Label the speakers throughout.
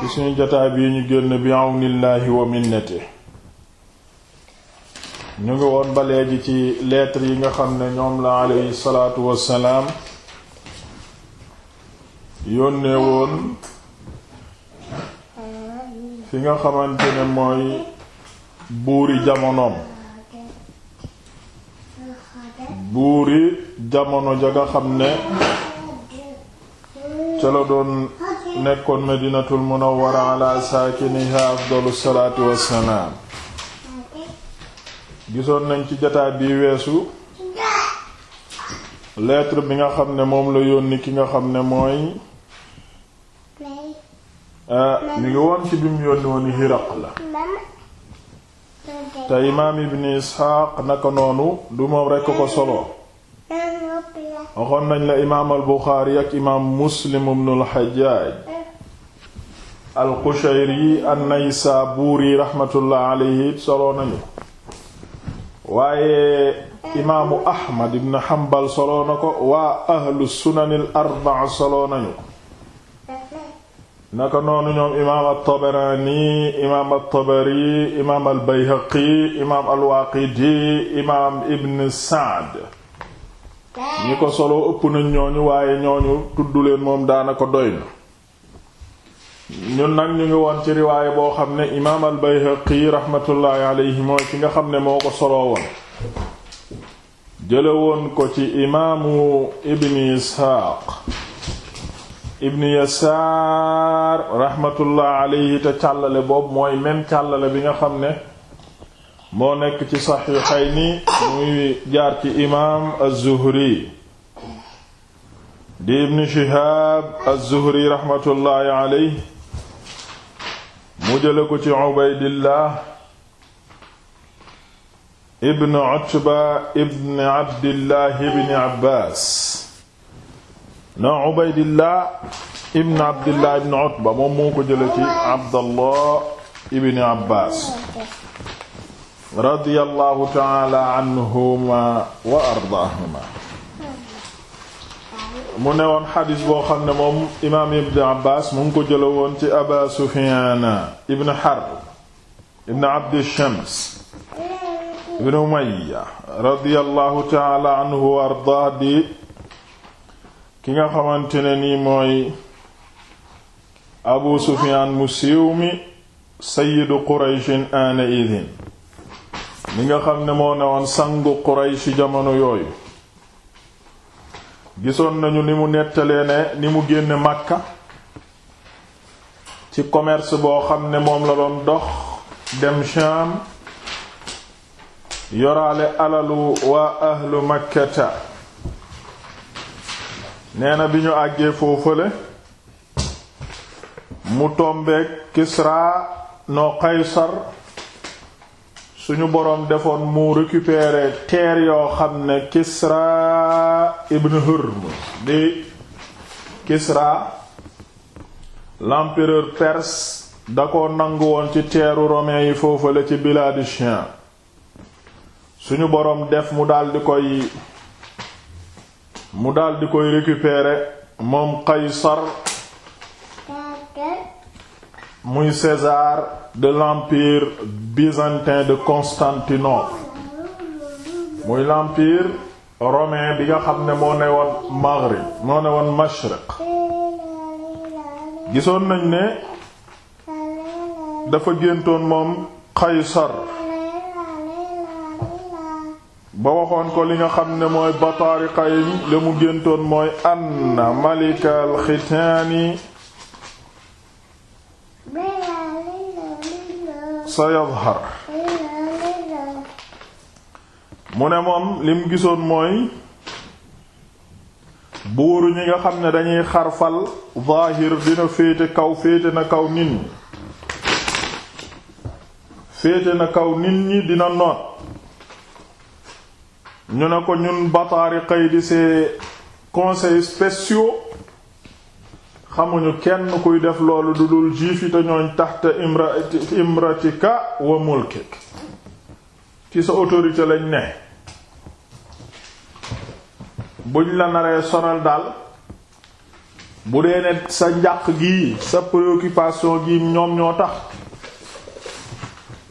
Speaker 1: ci suñu jotaay bii ñu génn bi àwnillaahi wa minnati ñu ngi woon ba léegi ci lettre yi nga xam ne ñoom la aleyhi salaatu wassalaam yónnee woon fi nga xamante ne mooy buuri jamonoom buuri jamono ja nga xam ne ca la doon nekkoon madinatul munawwara ala saakiniha afdalu salaatu wassalaam gisoon nañ ci jataay bi weesu lettre bi nga xam ne moom la yónni ki nga xam ne mooy ñu ah, ngi woon ci bi mu yónni woon Hiraq la te imaam ibn Isxaaq naka noonu du moom rekk a ko solo waxoon nañ la imaam al buxaari ak imaam muslim ibnul xajaaj al qushayri an-naysaabuuri raxmatullah alayhi solo nañu waaye imaamu ahmad ibn xambal solo na ko waa ahlu sunanil arba'a solo nañu naka noonu ñoom imaam at-Tabarani imaam at-Tabari imaam al bayhaqi imaam al waaqidi imaam ibn Sa'd ñi ko solo ëpp nañ ñooñu waaye ñooñu tudd leen moom daanaka doy na ñun nag ñu ngi woon ci riwaaye boo xam ne imaam al Bayhaqi raxmatullaahi alayhi mooy ki nga xam ne moo ko soloo woon jële woon ko ci imaamu ibni Isxaaq ibni Yasaar raxmatullaahi alayhi te càllale boobu mooy même càllale bi nga xam ne moo nekk ci saxiixayni muy jaar ci imaam az-Zuhri di ibn Shihaab az-Zuhri raxmatullaahi alayhi mu jële ko ci Ubaydillah ibn Utba ibn Abdillah ibn Abbaas na Ubaydillah ibn Abdillah ibn Utba moom moo ko jële ci Abdallah ibn Abbaas radiyallahu taala anhuma wa ardaahuma mu ne woon xadis boo xam ne moom imaam ibn abbas mu ngi ko jële woon ci aba sufiana ibn harb ibn abdi shams ibn umayya radiyallahu taala anhu wa ardaah di ki nga xamante ne nii mooy abu sufian mu siiw mi sayidu li nga xam ne moo newoon sangu ci jamono yooyu gisoon nañu ni mu nettalee ne ni mu génne Makka ci commerce boo xam ne moom la doon dox dem Sham yoraale alalu waa ahlu makkata nee bi ñu àggee foofale mu tombeek Kisra noo Qaysar suñu boroom defoon mu récupérer terre yoo xam ne Kisra ibn Hurm di Kisra l'empereur perse da ko nangu woon ci teeru romain yi foofu la ci biladu Chien suñu boroom def mu daldi koy mu daldi koy récupérer moom Qaysar muy César de l'empire byzantin de Constantinople muy l'empire romain bi nga xam ne moo ne woon Maghrib woon Mashriq gisoon nañ ne dafa géntoon moom Qaysar ba waxoon ko li nga xam ne mooy bataariqa yi la mu géntoon mooy anna malikal xitaani sa yadhar mu ne moom lim gisoon mooy buuru ñi nga xam ne dañuy xarfal zaahir dina féete kaw féete na kaw nit ñi féete na kaw nit ñi dina noot ñu ne ko ñun bataari xëy di ses conseils spéciaux xamuñu kenn kuy def loolu du dul juif yi te ñooñ taxta imra imratika wa mulkik ci sa autorité lañ ne buñ la naree sonal daal bu dee ne sa njàq gi sa préoccupation gi ñoom ñoo tax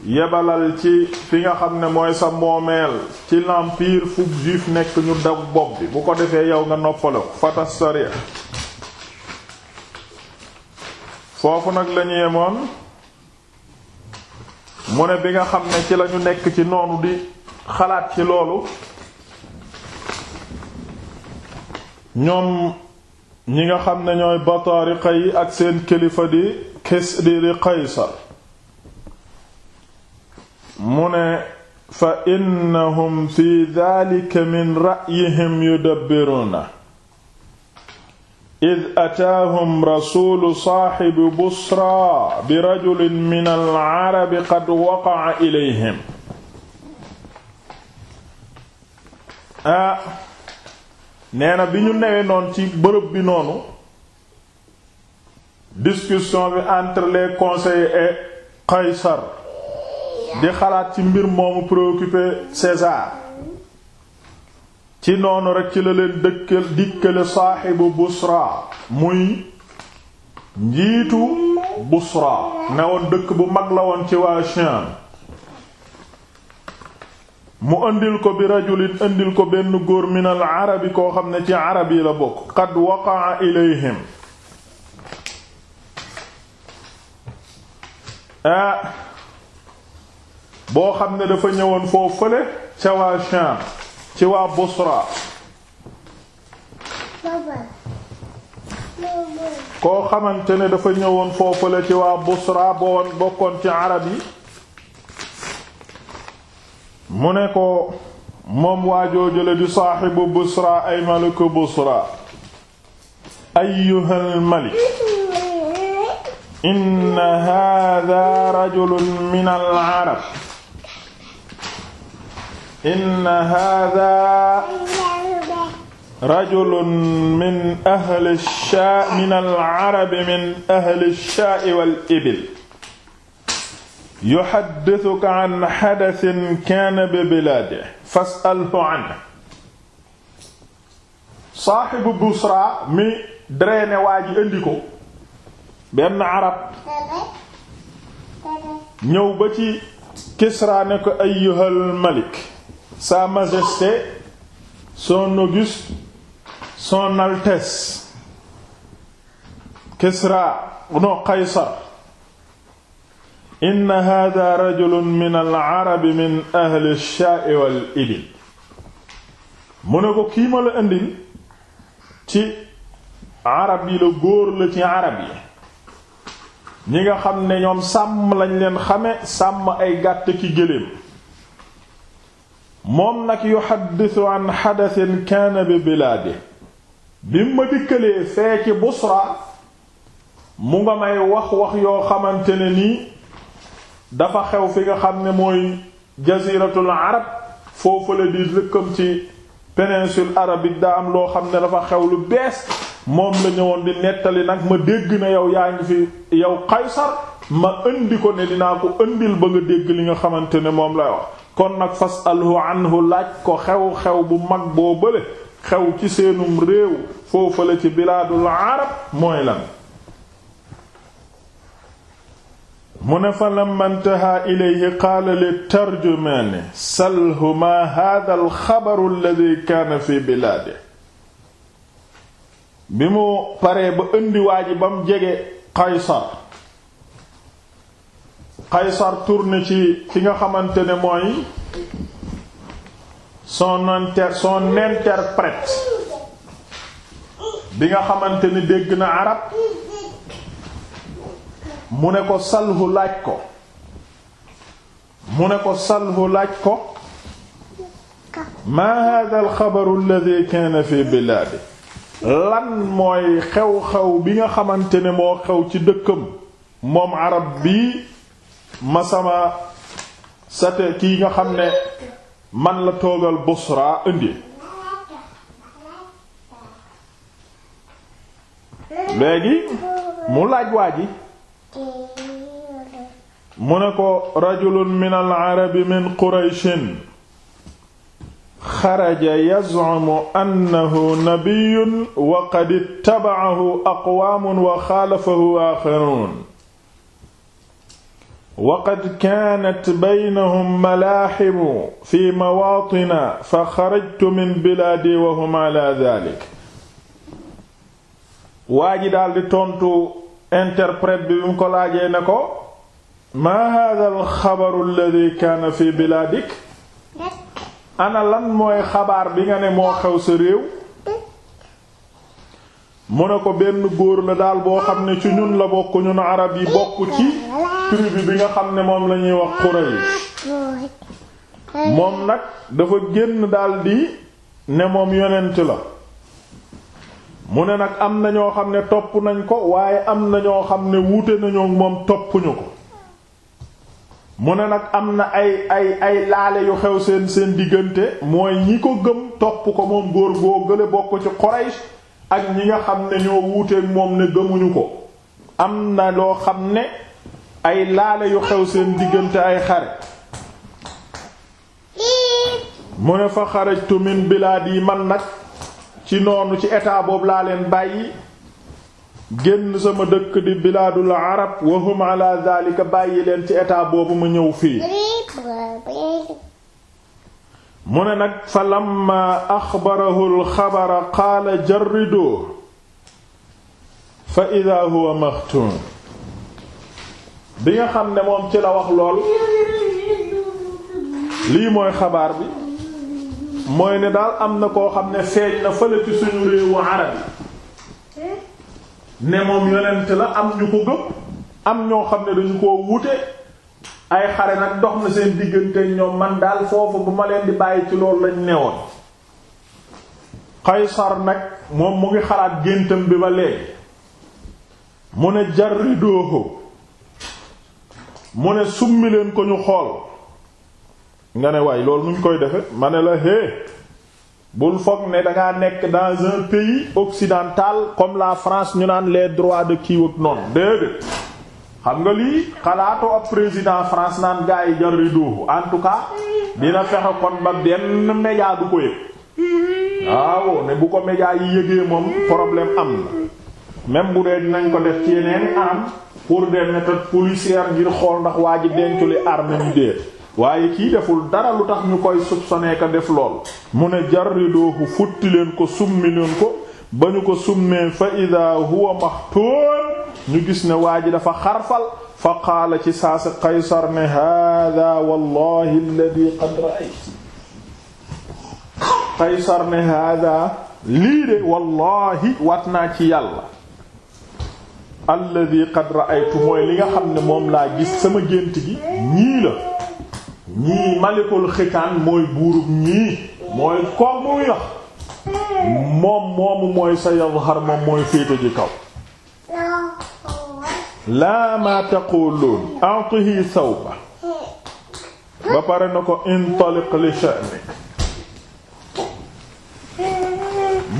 Speaker 1: yebalal ci fi nga xam ne mooy sa moomeel ci l'empire fu juif nekk ñu daw bopp bi bu ko defee yow nga noppaloo fatas saria foofu nag lañu yemoon mu ne bi nga xam ne ci lañu nekk ci noonu di xalaat ci loolu ñoom ñi nga xam ne ñooy bataariqa yi ak seen kilifa di kis di di qaysar mu ne fa innahum fi dhalika min ra'yihim yudabbiruna id ataahum rasulu saaxibi busra bi rajulin min alcarabi qad waqaca ilayhim a bi ñu newee ci bërëb bi noonu discussion bi entre le conseillers et Qaysar di xalaat ci mbir moomu préoccupé César ci noonu rekk ci la leen dëkkal dikkale saaxibu busra muy njiitu busra ne woon dëkk bu mag la woon ci waa Sham mu indil ko bi rajulin indil ko benn góor min al arabi koo xam ne ci arab yi la bokk qad waqaa ilayhim ah, boo xam ne dafa ñëwoon foofu fële ca waa Sham ci waa Bosra koo xamante ne dafa ñëwoon foofu la ci waa Bosra bowoon bokkoon ci arab yi mu ne ko moom waajooju la di saaxibu Bosra ay maliku Bosra ayyuhal malik inna hadha rajulun min al arab inna haadaa rajulun min ahli shaa min al-arabi min ahli shaa'i wal ibil yuhaddithuka an hadathin kaana bi bilaadihi fas'alhu anhu saaxibu busra mi draine waa ji indi ko benn arab ñëw ba ci kisra ne ko ayyuhal malik sa majesté son auguste son altesse Kisra no Qaysar inna hada rajulun min alarabi min ahli shaai wal mu ne ko kii ma la indil ci arab yi la góor la ci arab yi ñi nga xam ne ñoom sàmm lañ leen xame sàmm ay gàtt ki gëléem moom nag yuhaddisu an xadasin kaana bi bilaadi bi mu ma dikkalee fee ci Busra mu nga may wax wax yoo xamante ne nii dafa xew fi nga xam ne mooy jaziratul arab foofu la di lëkkam ci péninsule arabique daa am loo xam ne dafa xew lu bees moom la ñëwoon di nettali nag ma dégg ne yow yaa ngi fi yow Qaysar ma indi ko ne dinaa ko indil ba nga dégg li nga xamante ne moom lay wax kon nag fasalhu anhu laaj ko xew-xew bu mag boo bële xew ci seenum réew foofa la ci bilaadul arab mooy lan mu ne fa lamma ntaha ilayhi qaala li tarjumaani salhu ma hada alxabaru alladi kaana fi bilaade bi mu paree ba indi waa ji jege qaysar Qaysar tourne ci ki nga xamante ne mooy son inter son interprète bi nga xamante ni dégg na arab mu ne ko salhu laaj ko mu ne ko salhu laaj ko maa hada alxabaru alladi kaana fi bilaadi lan mooy xew-xew bi nga xamante ne moo xew ci dëkkam moom arab bi ma sama sate kii nga xam ne man la toogal Busra indi léegi mu laaj waa mu ne ko rajulun min al arabi min qurayshin xaraja yaz'umu annahu nabiyyun wa qad ittaba'ahu aqwaamun wa xaalafahu aaxaruun waqad kaanat baynahum malaaxibu fi mawaatina fa xarajtu min bilaadi wa hum ala daalik waa ji daldi tontu interprète bi bi mu ko laajee ne ko maa hada alxabaru alladi kaana fi bilaadik ana lan mooy xabaar bi nga ne moo xew sa réew mu ne ko benn góor la daal boo xam ne ci ñun la bokk na arab yi bokk ci tribu bi nga xam ne moom lañuy wax Quraysh moom nag dafa génn daldi ne moom yonent la mu ne nag am na ñoo xam ne topp nañ ko waaye am na ñoo xam ne wuute nañoo moom toppuñu ko mu ne nag am na ay ay ay laale yu xew seen seen diggante mooy ñi ko gëm topp ko moom góor boo gële bokk ci Quraysh ak ñi nga xam ne ñoo wuuteeg moom ne gëmuñu ko am na loo xam ne ay laale yu xew seen diggante ay xare mu ne fa xarajtu min bilaad yi man nag ci noonu ci état boobu laa leen bàyyi génn sama dëkk di bilaadul arab wahum ala zalika bàyyi leen ci état boobu mu ñëw fii mu ne nag fa lamma axbarahu alxabara qaala jarridoo fa ida huwa maxtuum bi nga xam ne moom ci la wax lool lii mooy xabaar bi mooy ne daal am na koo xam ne feeñ na fële ci suñu réewu arab ne moom yonent la am ñu ko gëm am ñoo xam ne dañu koo wute ay xare nag dox na seen diggante ñoom man daal foofu bu ma leen di bàyyi ci loolu lañu lañ newoon Qaysar nag moom mu ngi xalaat géntam bi ba léegi mu ne jarridooho mu ne summi leen ko ñu xool nga ne waay loolu muñ koy defe ma ne la hé bul foog ne danga nekk dans un pays occidental comme la France ñu naan lee droits de kiiwag noonu déedéet xam nga lii xalaatoo ab président France naan gars yi jar rideau en tout dina fexe kon ba benn média du ko yëg waaw ne bu ko média yi yëgee moom problème am na même bu dee dinañ ko def ci yeneen am pour des méthodes policières ngir xool ndax waa ji denculi arme ñu waaye kii deful dara lu tax ñu koy soupçonné ka def lool mu ne jar rideau futti leen ko summi leen ko ba ñu ko summee fa ida huwa maxtuun ñu gis ne waa ji dafa xarfal fa qaala ci saasa qaysar ne hada wallahi alladi qad ra'ayt qaysar ne hada lii de wallahi waat naa ci yàlla alladi qad ra'aytu mooy li nga xam ne moom laa gis sama gént gi ñii la ñii malikul xikaan mooy buurub ñii mooy koog muy wax moom moomu mooy sa yazhar moom mooy féete ji kaw laa ma taqulun a'tihi thawba ba pare na ko intaliq li sha'nik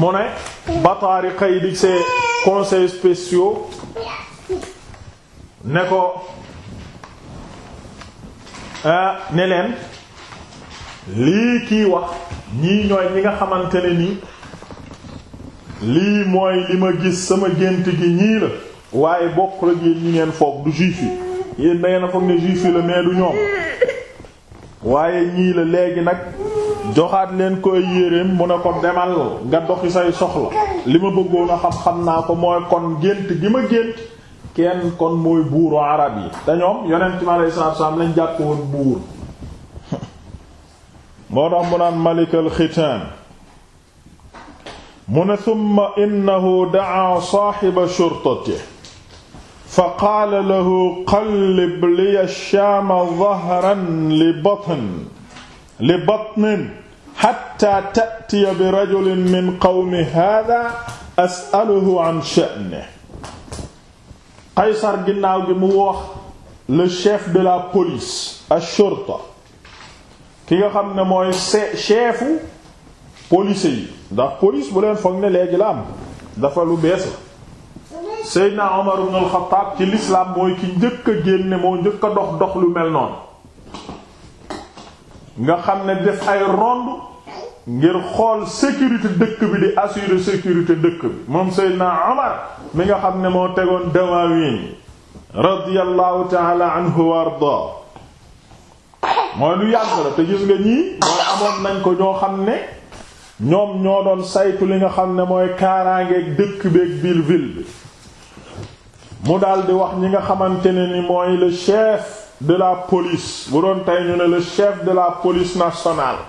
Speaker 1: mu ne bataari xëy di ses conseils spéciaux ne ko ah, ne leen lii kii wax ñii ñooy ñi nga xamante ne nii lii mooy li ma gis sama gént gi ñii la waaye bokk la yéen ñi ngeen foog du juif yi yéen da ngeen a foog ne juif yi la mais du ñoom waaye ñii la léegi nag joxaat leen ko ay yéreem mu ne ko demal nga doxi say soxla li ma bëggoon a xam xam naa ko mooy kon gént gi ma gént kenn kon mooy buuru arab yi te ñoom yonent mi alayhi salaatu salaam lañ jàpp woon buur moo tax mu naan malik alxitaan mu ne summa innahu dacaa saaxiba shurtati fa qaala lahu qallib liya shaama dahran li batn li batnin xatta taatiya bi rajulin min qawmi haadaa asaluhu an sha'ni qaysar ginnaaw gi mu wax le chef de la police ashurta ki nga xam ne mooy chefu police yi ndax police bu leen foog ne léegi la am dafa lu bees la Seydina Omar ibn al-Khattab ci l'islam mooy ki njëkk a génne moo njëkk a dox dox lu mel noonu nga xam ne def ay ronde ngir xool sécurité dëkk bi di assurer sécurité dëkk bi moom Seydina Omar mi nga xam ne moo tegoon Dawaawiin radiyallahu ta'ala anhu wa mooy lu yàgg la te gis nga ñii mooy amoon nañ ko ñoo xam ne ñoom ñoo doon saytu li nga xam ne mooy kaaraangeeg dëkk beeg ville ville bi mu daldi wax ñi nga xamante ne ni mooy le chef de la police bu doon tey ñu ne le chef de la police nationale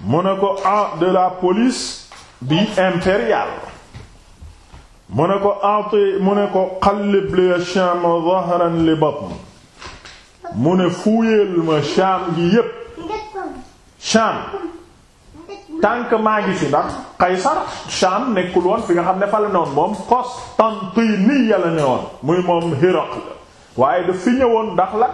Speaker 1: mu ne ko en de la polis bi impériale mu ne ko enti mu ne ko xallib li sham mu ne fuuyeel ma Shaam gi yépp Shaam tànk maa ngi fi ndax Qaysar Shaam nekkul woon fi nga xam ne fa la ne woon moom Constantiniya la ne woon muy moom Hiraql waaye daf fi ñëwoon ndax la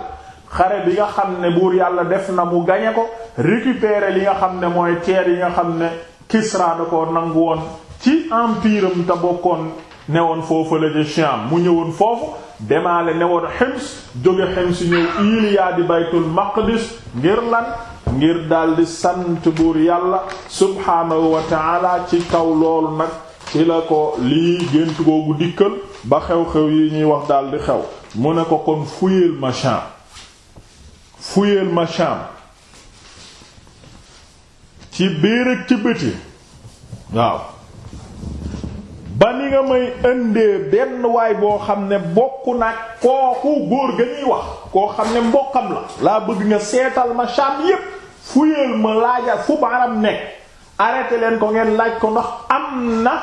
Speaker 1: xare bi nga xam ne buur yàlla def na mu gañe ko récupérer li nga xam ne mooy terre yi nga xam ne Kisra ko nangu woon ci empire am te bokkoon ne woon foofu la ca Shaam mu ñëwoon foofu demale ne woon Hims jóge Hims ñëw Iliya di baytul maqdis ngir lan ngir daldi sant buur yàlla subhaanahu wa taala ci kaw loolu nag ci la ko lii gént googu dikkal ba xew-xew yi ñuy wax daldi xew mu ne ko kon fuyeel ma fuyeel ma ci biir ak ci waaw ba ni nga may indee benn waay boo xam ne bokk nag kooku góor ga ñuy wax koo xam ne mbokkam la laa bëgg nga seetal ma Sham yépp fuyeel ma laajal fu baaram nekk arrêté leen ko ngeen laaj ko ndax am na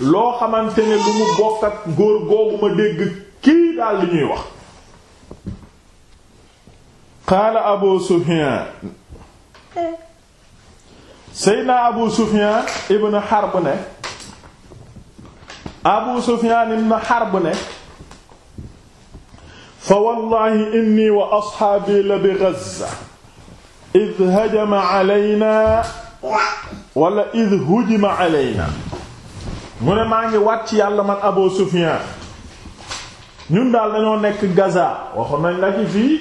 Speaker 1: loo xamante ne lu mu bokk ak góor googu ma dégg kii daal li ñuy wax qaala Abu Sufyan eh. Seydina Abu Sufyan ibn Harb ne abu sufyaan ibn harb ne fa wallahi inni wa asxaabi la bi gaza id hajama alayna wala id hujima alayna mu ne maa ngi wàcc yàlla man abu sufyaan ñun daal dañoo nekk gaza waxoon nañ la ci fii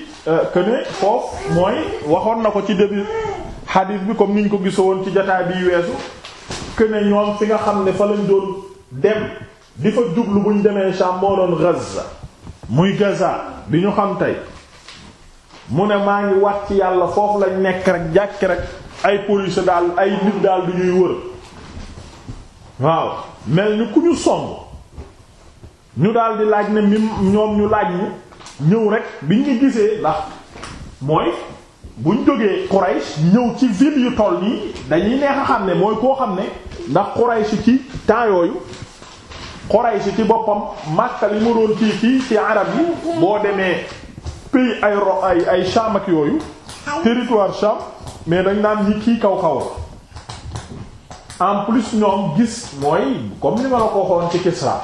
Speaker 1: këne euh, foofu mooy waxoon na ko ci début xadiis bi comme niñ ko gisoo woon ci jataay biy weesu këne ñoom fi nga xam ne fa lañ doon dem di fa jublu buñ demee Sham moo doon Gaza muy Gaza bi ñu xam tey mu ne maa ngi wat ci yàlla foofu lañ nekk rek jàkk rek ay police daal ay nit daal du ñuy wër waaw mel ni ku ñu somb ñu daal di laaj ne mi ñoom ñu laaj ñu ñëw rek bi ñu gisee ndax mooy buñ jógee Quraysh ñëw ci ville yu toll yi dañuy neex a xam ne mooy koo xam ne ndax Quraysh ci temps yooyu Quraysh ci boppam Makka li mu doon kii kii ci arab yi boo demee pays ay ro ay Sham ak yooyu territoire Sham mais dañ naan ñi kii kaw kaw la en plus ñoom gis mooy comme ni ma la ko waxoon ci Kisra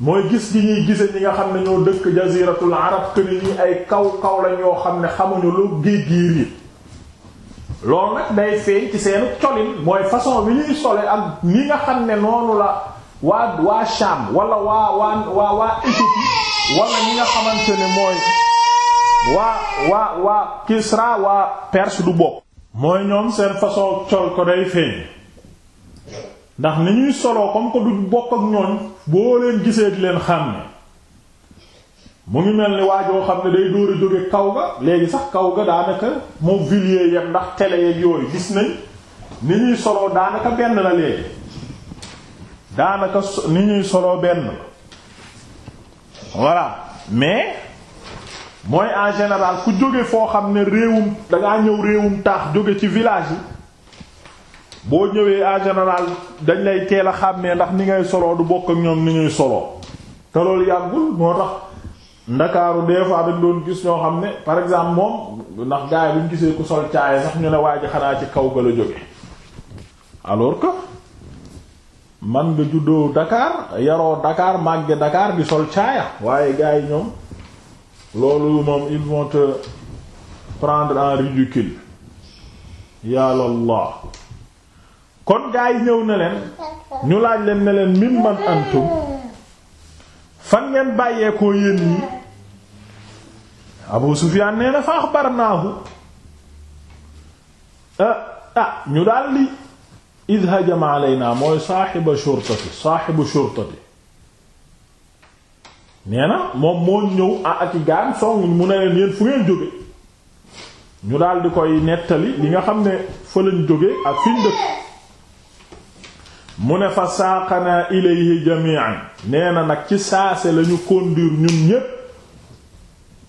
Speaker 1: mooy gis gi ñuy gise ñi nga xam ne ñoo dëkk jaziratul arab këni ñi ay kaw kaw la ñoo xam ne xamuñu lu géej gi riir loolu nag day feeñ ci seen colin mooy façon bi ñuy sole ak ñi nga xam ne noonu la waa waa Sham wala waa waa waa waa Éthiopie wala ñi nga xamante ne mooy waa waa waa Kisra waa Perse du bokk. mooy ñoom seen façon col ko day feeñ ndax ni ñuy soloo comme que du bokk ak ñooñ boo leen gisee di leen xam ne mu ngi mel ni waajoo xam ne day dóor a kaw ga léegi sax kaw ga daanaka moo villiers yam ndax télé yooyu gis nañ ni ñuy soloo daanaka benn la léegi. daanaka ni ñuy solo benn voilà mais mooy en général ku jóge foo xam ne réewum dangaa ñëw réewum taax jóge ci village yi boo ñëwee en général dañ lay teel a xàmmee ndax ni ngay solo du bokk ak ñoom ni ñuy solo te loolu yàggul moo tax ndakaaru des fois dañ doon gis ñoo xam ne par exemple moom ndax gaay buñ gisee ku sol caaya sax ñu ne waa ji xanaa ci kaw ga la jóge alors que man nga juddoo dakaar yaroo dakaar màgge Dakar di sol caaya waaye gars yi ñoom loolu moom ils vont prendre en ridicule yàlla Allah kon gars yi ñëw na leen ñu laaj leen ne leen min man antum fan ngeen bàyyeekoo yéen ñi Abu Sufyaan nee na fa axbarnaahu eh, ah ñu daal li id hajama alayna mooy saaxiba shurtati saaxibu shurtati nee na moom moo ñëw a ak i gaan song mu ne leen yéen fu ngeen jóge ñu daal koy nettali li nga xam ne fa jóge ak fiñ dëkk mu ne fa saaqanaa ilayhi jami'an nee na nag ci saase lañu conduire ñun ñépp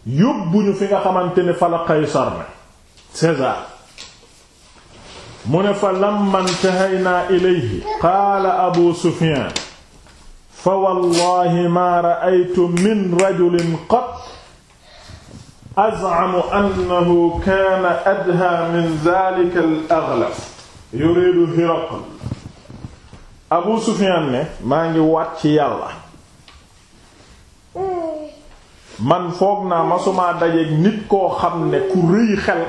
Speaker 1: yóbbu ñu fi nga xamante ne fa la Qaysar na César mu ne fa lamma intahaynaa ilayhi qaala abu sufyaan fa wallahi maa ra'aytu min rajulin qat az'amu annahu kaana adhaa min dhaalika al-aghlaf yuriidu hiraql abu sufyaan ne maa ngi waat ci yàlla man foog naa masumaa dajeek nit koo xam ne ku rëy xel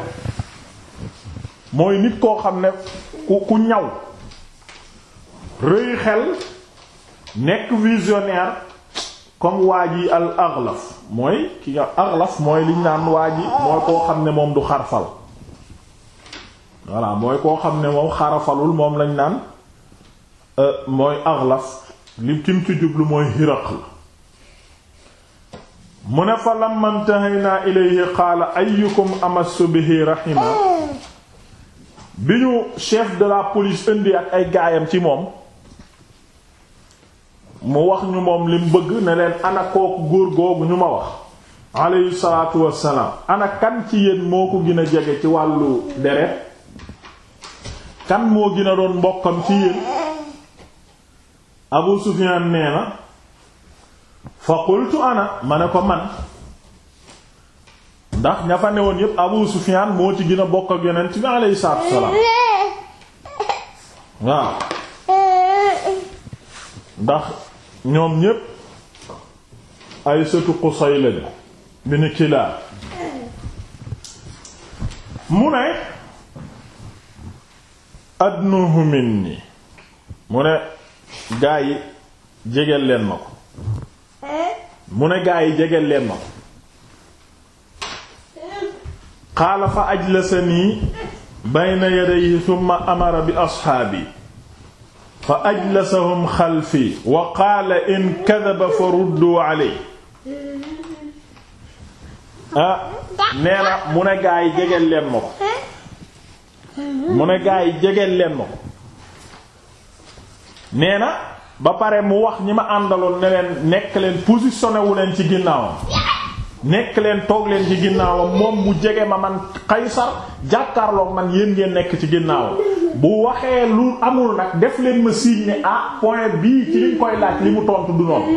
Speaker 1: mooy nit koo xam ne ku ku ñaw rëy xel nekk visionnaire comme waa ji al aghlaf mooy ki nga aghlaf mooy liñ naan waa ji mooy koo xam ne moom du xarfal voilà mooy koo xam ne moom xarafalul moom lañ naan euh, mooy aghlaf li kim ci jublu mooy Hiraql mu ne fa lamma intahaynaa ilayhi qaala ayyukum amassu bihi rahima bi ñu chef de la police indi ak ay gaayam ci moom mu wax ñu moom lim bëgg ne leen ana kooku góor googu ñu ma wax aleyhi salaatu wassalaam ana kan ci yéen moo ko gën a jege ci wàllu deret kan moo gën doon mbokkam ci yéen Abu Sufyaan nee na fa qultu ana ma ne ko man ndax ña fa newoon yépp Abu Sufyaan moo ci gën a bokk ak yonent bi alayhi salaatu wassalaam waaw ndax ñoom ñépp ay sëtu Qusay lañu bin Kilaab mu ne adnuhu minni mu ne gaa yi jegeel leen ma ko mu ne gaa yi jegeel leen ma ko qaala fa ajlasanii bayna yadayhi summa amara bi asxaabi fa ajlasahum xalfi wa qaala in kadaba fa rudduu aley ah nee na mu ne gaa yi jegeel leen ma ko mu ne gaa yi jegeel leen ma ko nee na ba pare mu wax ñi ma àndaloon ne leen nekk leen positionné sonewu leen ci ginnaawam nekk leen toog leen ci ginnaawam moom bu jege ma man Qaysar jàkkaarloog man yéen ngeen nekk ci ginnaawam bu waxee lu amul nag def leen ma signe ne ah point bii ci liñ koy laaj li mu tontu du noonu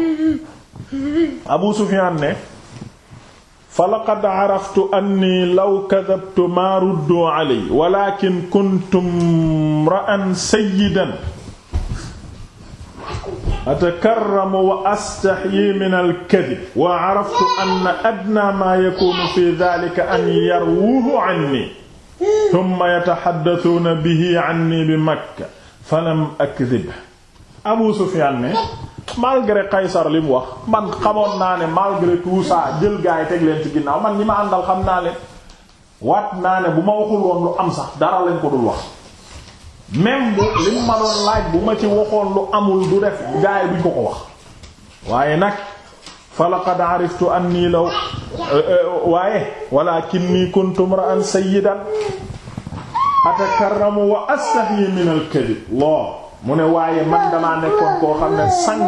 Speaker 1: Abu Sufyan ne fa araftu anni law kadabtu ma ruddu alayya walakin kuntum ra'an sayyidan atakarramu wa astaxyi min alkadib wa caraftu anna adna maa yakuunu fi daalika an yarwuuhu canni summa yataxaddasuuna bihi canni bi makka falam akdib Abu Sufyaan ne malgré Qaysar li mu wax man xamoon naa ne malgré tout ça jël gaa yi teg leen ci ginnaaw man ñi ma àndal xam naa leen waat naa ne bu ma waxul woon lu am sax dara lañ ko dul wax même bu li ma doon laaj bu ma ci waxoon lu amul du def gaay buñ ko ko wax waaye nag fa laqad ariftu anni law waaye walakinni kuntu imra'an sayyidan atakarramu wa astahyi min al loo mu ne waaye man damaa nekkoon koo xam ne sang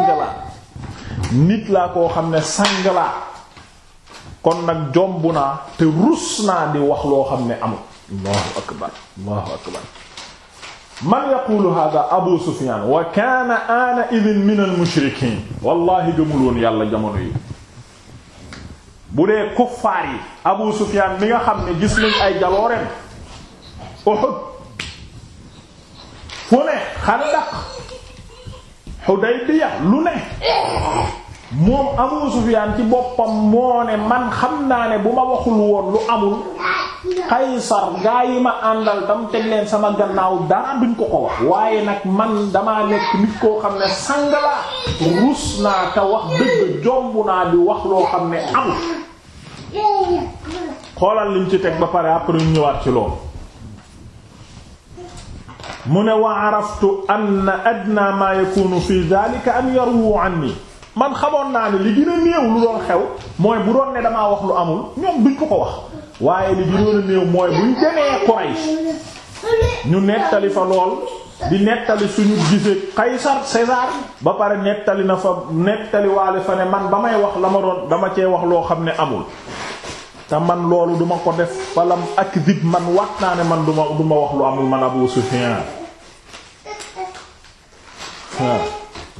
Speaker 1: nit laa koo xam ne sang kon nag jomb naa te rus naa di wax loo xam ne amul allahu akbar allahu akbar man yaqulu hada abu sufyan wa kaana ana idin min al mushrikiin wallahi gëmul woon yàlla jamono yi bu dee kuffaar yi abu sufyan mi nga xam ne gis nañ ay jalooreem uhud fu ne xandaq xudaybiya lu ne moom Abu Sufyaan ci boppam moo ne man xam naa ne bu ma waxul woon lu amul Qaysar gaa yi ma àndal tam teg leen sama gannaaw dara duñ ko ko wax waaye nag man dama nekk nit koo xam ne sang laa rus naa te wax dëgg jomb naa di wax loo xam ne amul xoolal liñ ci teg ba pare après ñu ñëwaat ci loolu mu ne wa araftu anna adna ma yakunu fi dhalika an yarwu anni man xamoon naa ne li gën a néew lu doon xew mooy bu doon ne damaa wax lu amul ñoom duñ ko wax waaye li gënoon a néew mooy buñ demee Quraysh nettali fa lool di nettali suñu gisee Kaysar César ba pare nettali na fa nettali waale man ba may wax la dama cee wax loo xam ne amul te man loolu duma ko def falam ak dib man wax naa man duma wax lu amul man Abu Sufyan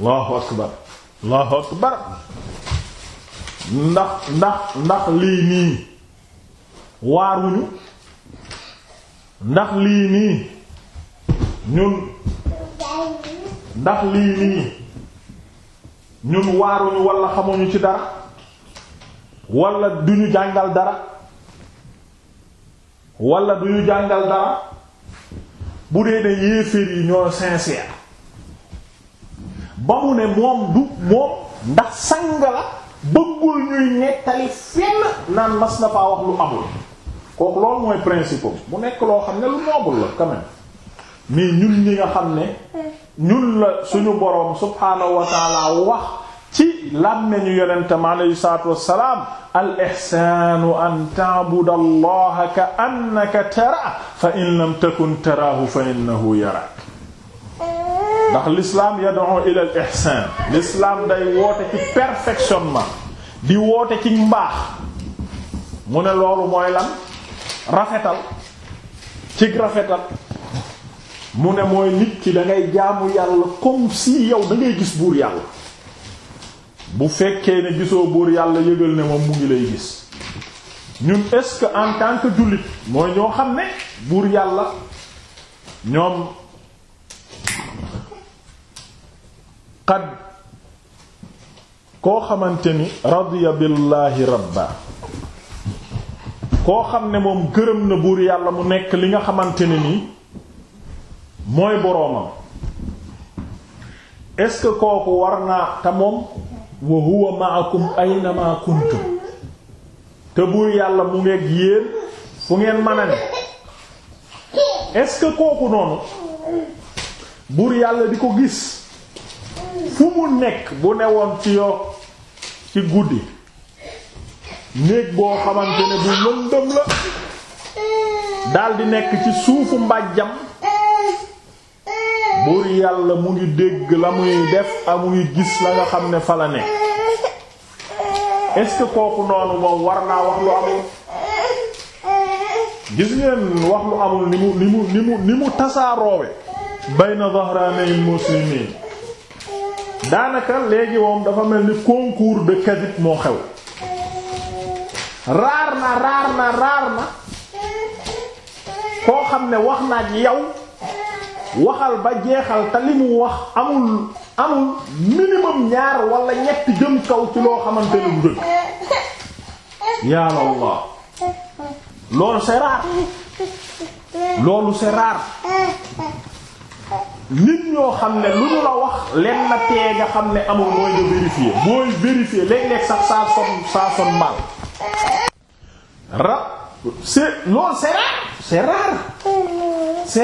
Speaker 1: Allahu akbar Allahu akbar ndax ndax ndax lii nii waaruñu ndax lii nii ñun ndax lii nii waaruñu walla xamuñu ci dara walla duñu jàngal dara walla duñu jàngal dara bu dee ne yéeféer yi ñoo sincère ba mu ne moom du moom ndax sang la bëggul ñuy nettali fenn naan mas na faa wax lu amul kooku loolu mooy principe mu nekk loo xam ne lu noble la quand même ñun ñi nga xam ne ñun la suñu boroom subhaanahu wa taala wax ci lam nañu yonentam alayhi salaatu wassalaam al ihsaanu an ta'budallaha ka annaka tara fa in lam takun taraahu fa innahu yara ndax lislaam yad'u ila al ihsan l'islam day woote ci perfectionnement di woote ci mbaax mu ne loolu mooy lan rafetal ci rafetal mu ne mooy nit ki da ngay jaamu yàlla comme si yow da ngay gis buur yàlla bu fekkee ne gisoo buur yàlla yëgal ne moom mu ngi lay gis ñun est en tant que jullit mooy ñoo xam ne buur yàlla ñoom qad koo xamante ni radiya billaahi rabba koo xam ne moom gërëm na buur yàlla mu nekk li nga xamante ne nii mooy boroomam est-ce que kooku war naa te wa huwa ma'akum aynama kuntum te buur yàlla mu ngeeg yéen fu ngeen mën a ne est kooku noonu buur yàlla di ko gis fu mu nekk bu newoon ci yoo ci guddi néeg boo xamante ne bu lëndëm la daldi nekk ci suufu mbàjjam buur yàlla mu ngi dégg la muy def a mu ngi gis la nga xam ne fa la ne est-ce noonu moom war naa wax lu amul gis ngeen wax lu amul ni mu ni mu ni mu ni mu tasaaroowe bayna dhahranil muslimin daanaka léegi moom dafa mel ni concours de kadib moo xew raar na raar na raar koo xam ne wax naa ak yow waxal ba jeexal te li mu wax amul amul minimum ñaar wala ñett jëm kaw ci loo xamante ne bu dëgg yàlla Allah loolu c'est rare
Speaker 2: loolu c'est rare
Speaker 1: nit ñoo xam ne lu ñu la wax leen na tee nga xam ne amul mooy nga vérifier booy vérifier léeg-léeg sax ça sonne ça sonne mal ra c'est loolu c'est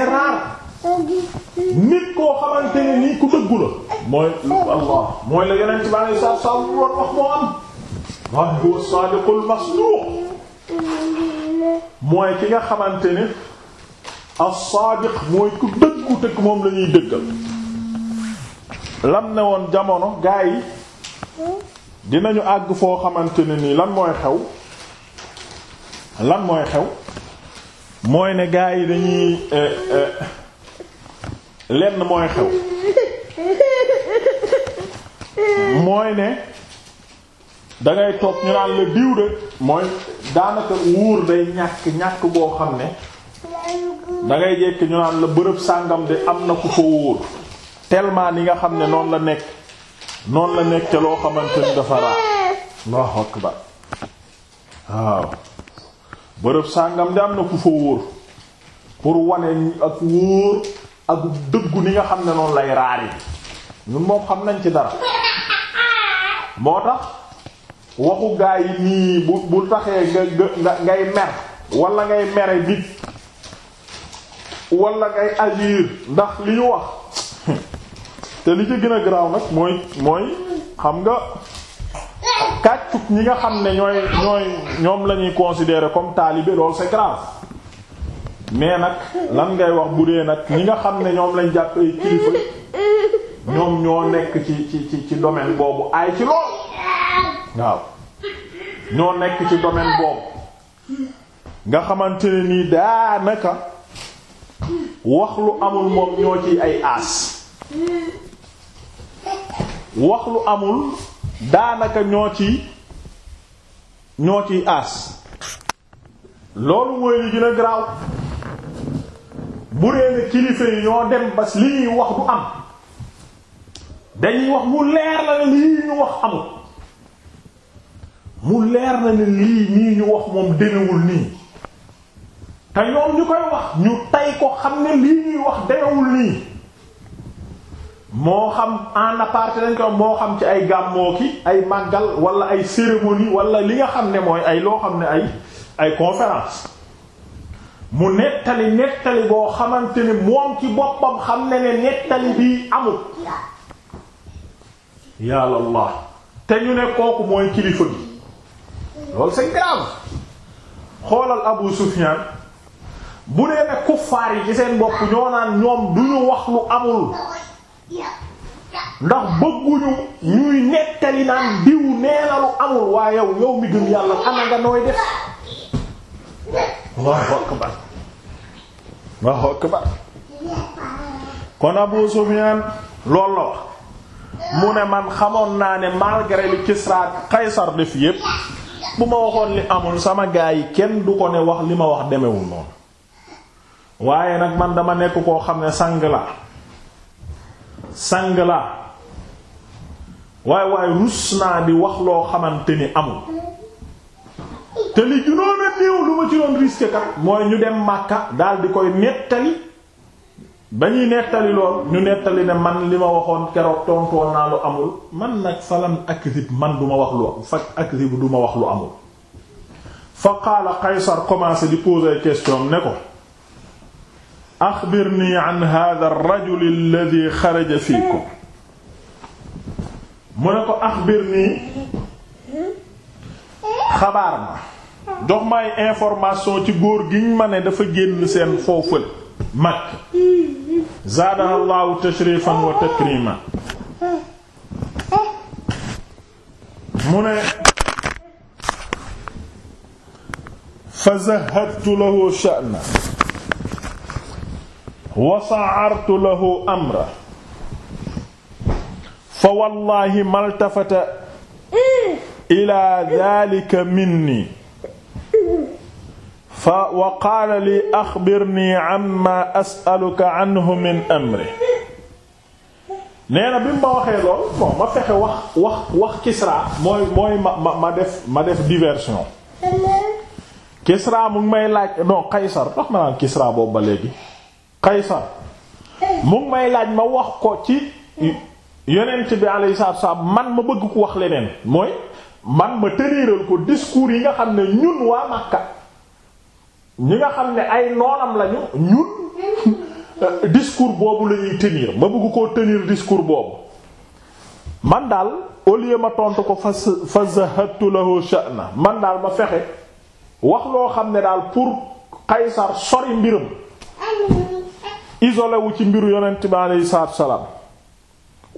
Speaker 1: rare nit koo xamante ne ku dëggu la mooy Allah mooy la yeneen ci baa ngi moo am mooy ki nga xamante ne as-saadiq mooy ku dëggu tëkk moom la dëggal lam ne woon jamono gaa yi dinañu àgg foo xamante ne nii lan mooy xew lan mooy xew mooy ne gaa yi dañuy eh, eh, lenn mooy xew mooy ne dangay toog ñu naan la diw de mooy daanaka wuur day ñàkk ñàkk boo xam ne da ngay jekk ñu naan la bërëb sàngam de am na ku ko wóor tellement ni nga xam ne noonu la nekk noonu la nekk ca loo xamante ni dafa raar Allahu akbar waaw bërëb sàngam de am na ku fa wóor pour wane ak wóor ak dëggu ni nga xam ne noonu lay raari ñun moom xam nañ ci dara moo tax waxu gaa yi nii bu bu taxee nga nga ngay mer wala ngay mere bit wala ngay agir ndax li ñu wax te li ci gën a garaaw nag mooy mooy xam nga kàccuk ñi nga xam ne ñooy ñooy ñoom lañuy ñuy considérer comme talibé loolu c'est grave mais nag lan ngay wax bu dee nag ñi nga xam ne ñoom lañ jàpp ay kilifa ñoom ñoo nekk ci ci ci domaine boobu ay ci lool waaw ñoo nekk ci domaine boobu nga xamante ne nii daanaka. wax lu amul moom ñoo ci ay aas wax lu amul daanaka ñoo ci ñoo ciy aas loolu mooy li gën a garaaw bu kilifa yi ñoo dem bas li ñuy wax du am dañuy wax mu leer na ne lii ñu wax amul mu leer na ne lii nii ñu wax moom demewul nii te ñoom ñu koy wax ñu tay ko xam ne lii ñuy wax dayowul nii moo xam en aparté dañ ko moo xam ci ay gàmmoo ki ay màggal wala ay cérémonie walla li nga xam ne mooy ay loo xam ne ay ay conférence mu nettali nettali boo xamante ne moom ci boppam xam ne ne nettali bii amul yàlla allah te ñu ne kooku mooy kilifa gi loolu c'est grave xoolal Abu Sufyan bu dee ne kuffaar yi ci seen bopp ñoo naan ñoom du ñu wax lu amul ndax bëgguñu ñuy nettali naan diw nee na lu amul waaye yow yow mi gëm yàlla ana nga nooy def Allahu akbar Allahu akbar lool la wax mu ne man xamoon naa ne malgré li Kisra Kaysar def yépp bu ma waxoon li amul sama gaa yi kenn du ko ne wax li ma wax demewul noonu waaye nag man dama nekk koo xam ne sangla la sang waaye waaye rus naa di wax loo xamante ni amul te li junoon a néew lu ma ci doon risque mooy ñu dem Makka daal di koy nettali ba ñuy nettali lool ñu nettali ne man li ma waxoon keroog tontoon naa lu amul man nag falam akzib man du ma wax lu fa akzib du ma wax lu amul fa qaala Qaysar commencé di poser question ne ko axbirnii an haaza ar-rajul alladhi xaraja ko mu ne ko axbirnii xabaar ma jox may information ci góor giñ ma ne dafa génn seen foofule mag zaadaha llaahu tashrifan wa takriman mu ne fa zahadtu lahu sha'na wa sa'artu lahu amra fa wallaahi maltafata ila dhalika minni fa wa qaala li axbirni amma as'aluka anhu min amri nee na bi mu ma waxee lool bon ma fexe wax wax wax Kisra mooy mooy ma ma ma def ma def diversion Kisra mu ngi may laaj non Qaysar tax ma naan Kisra boobu ba léegi Qaysar mu may laaj ma wax ko ci yonent bi alayhi salaatu wasallam man ma bëgg ko wax leneen mooy man ma tëniiral ko discours yi nga xam ne ñun waa Makka ñi nga xam ne ay noonam lañu ñun discours boobu lañuy ñuy tenir ma bëgg koo tenir discours boobu man daal au ma tontu ko fa fa zahattu sha'na man daal ma fexe wax loo xam ne daal pour Qaysar sori mbiram isolé ci mbiru yonent bi aleyhi salaatu salaam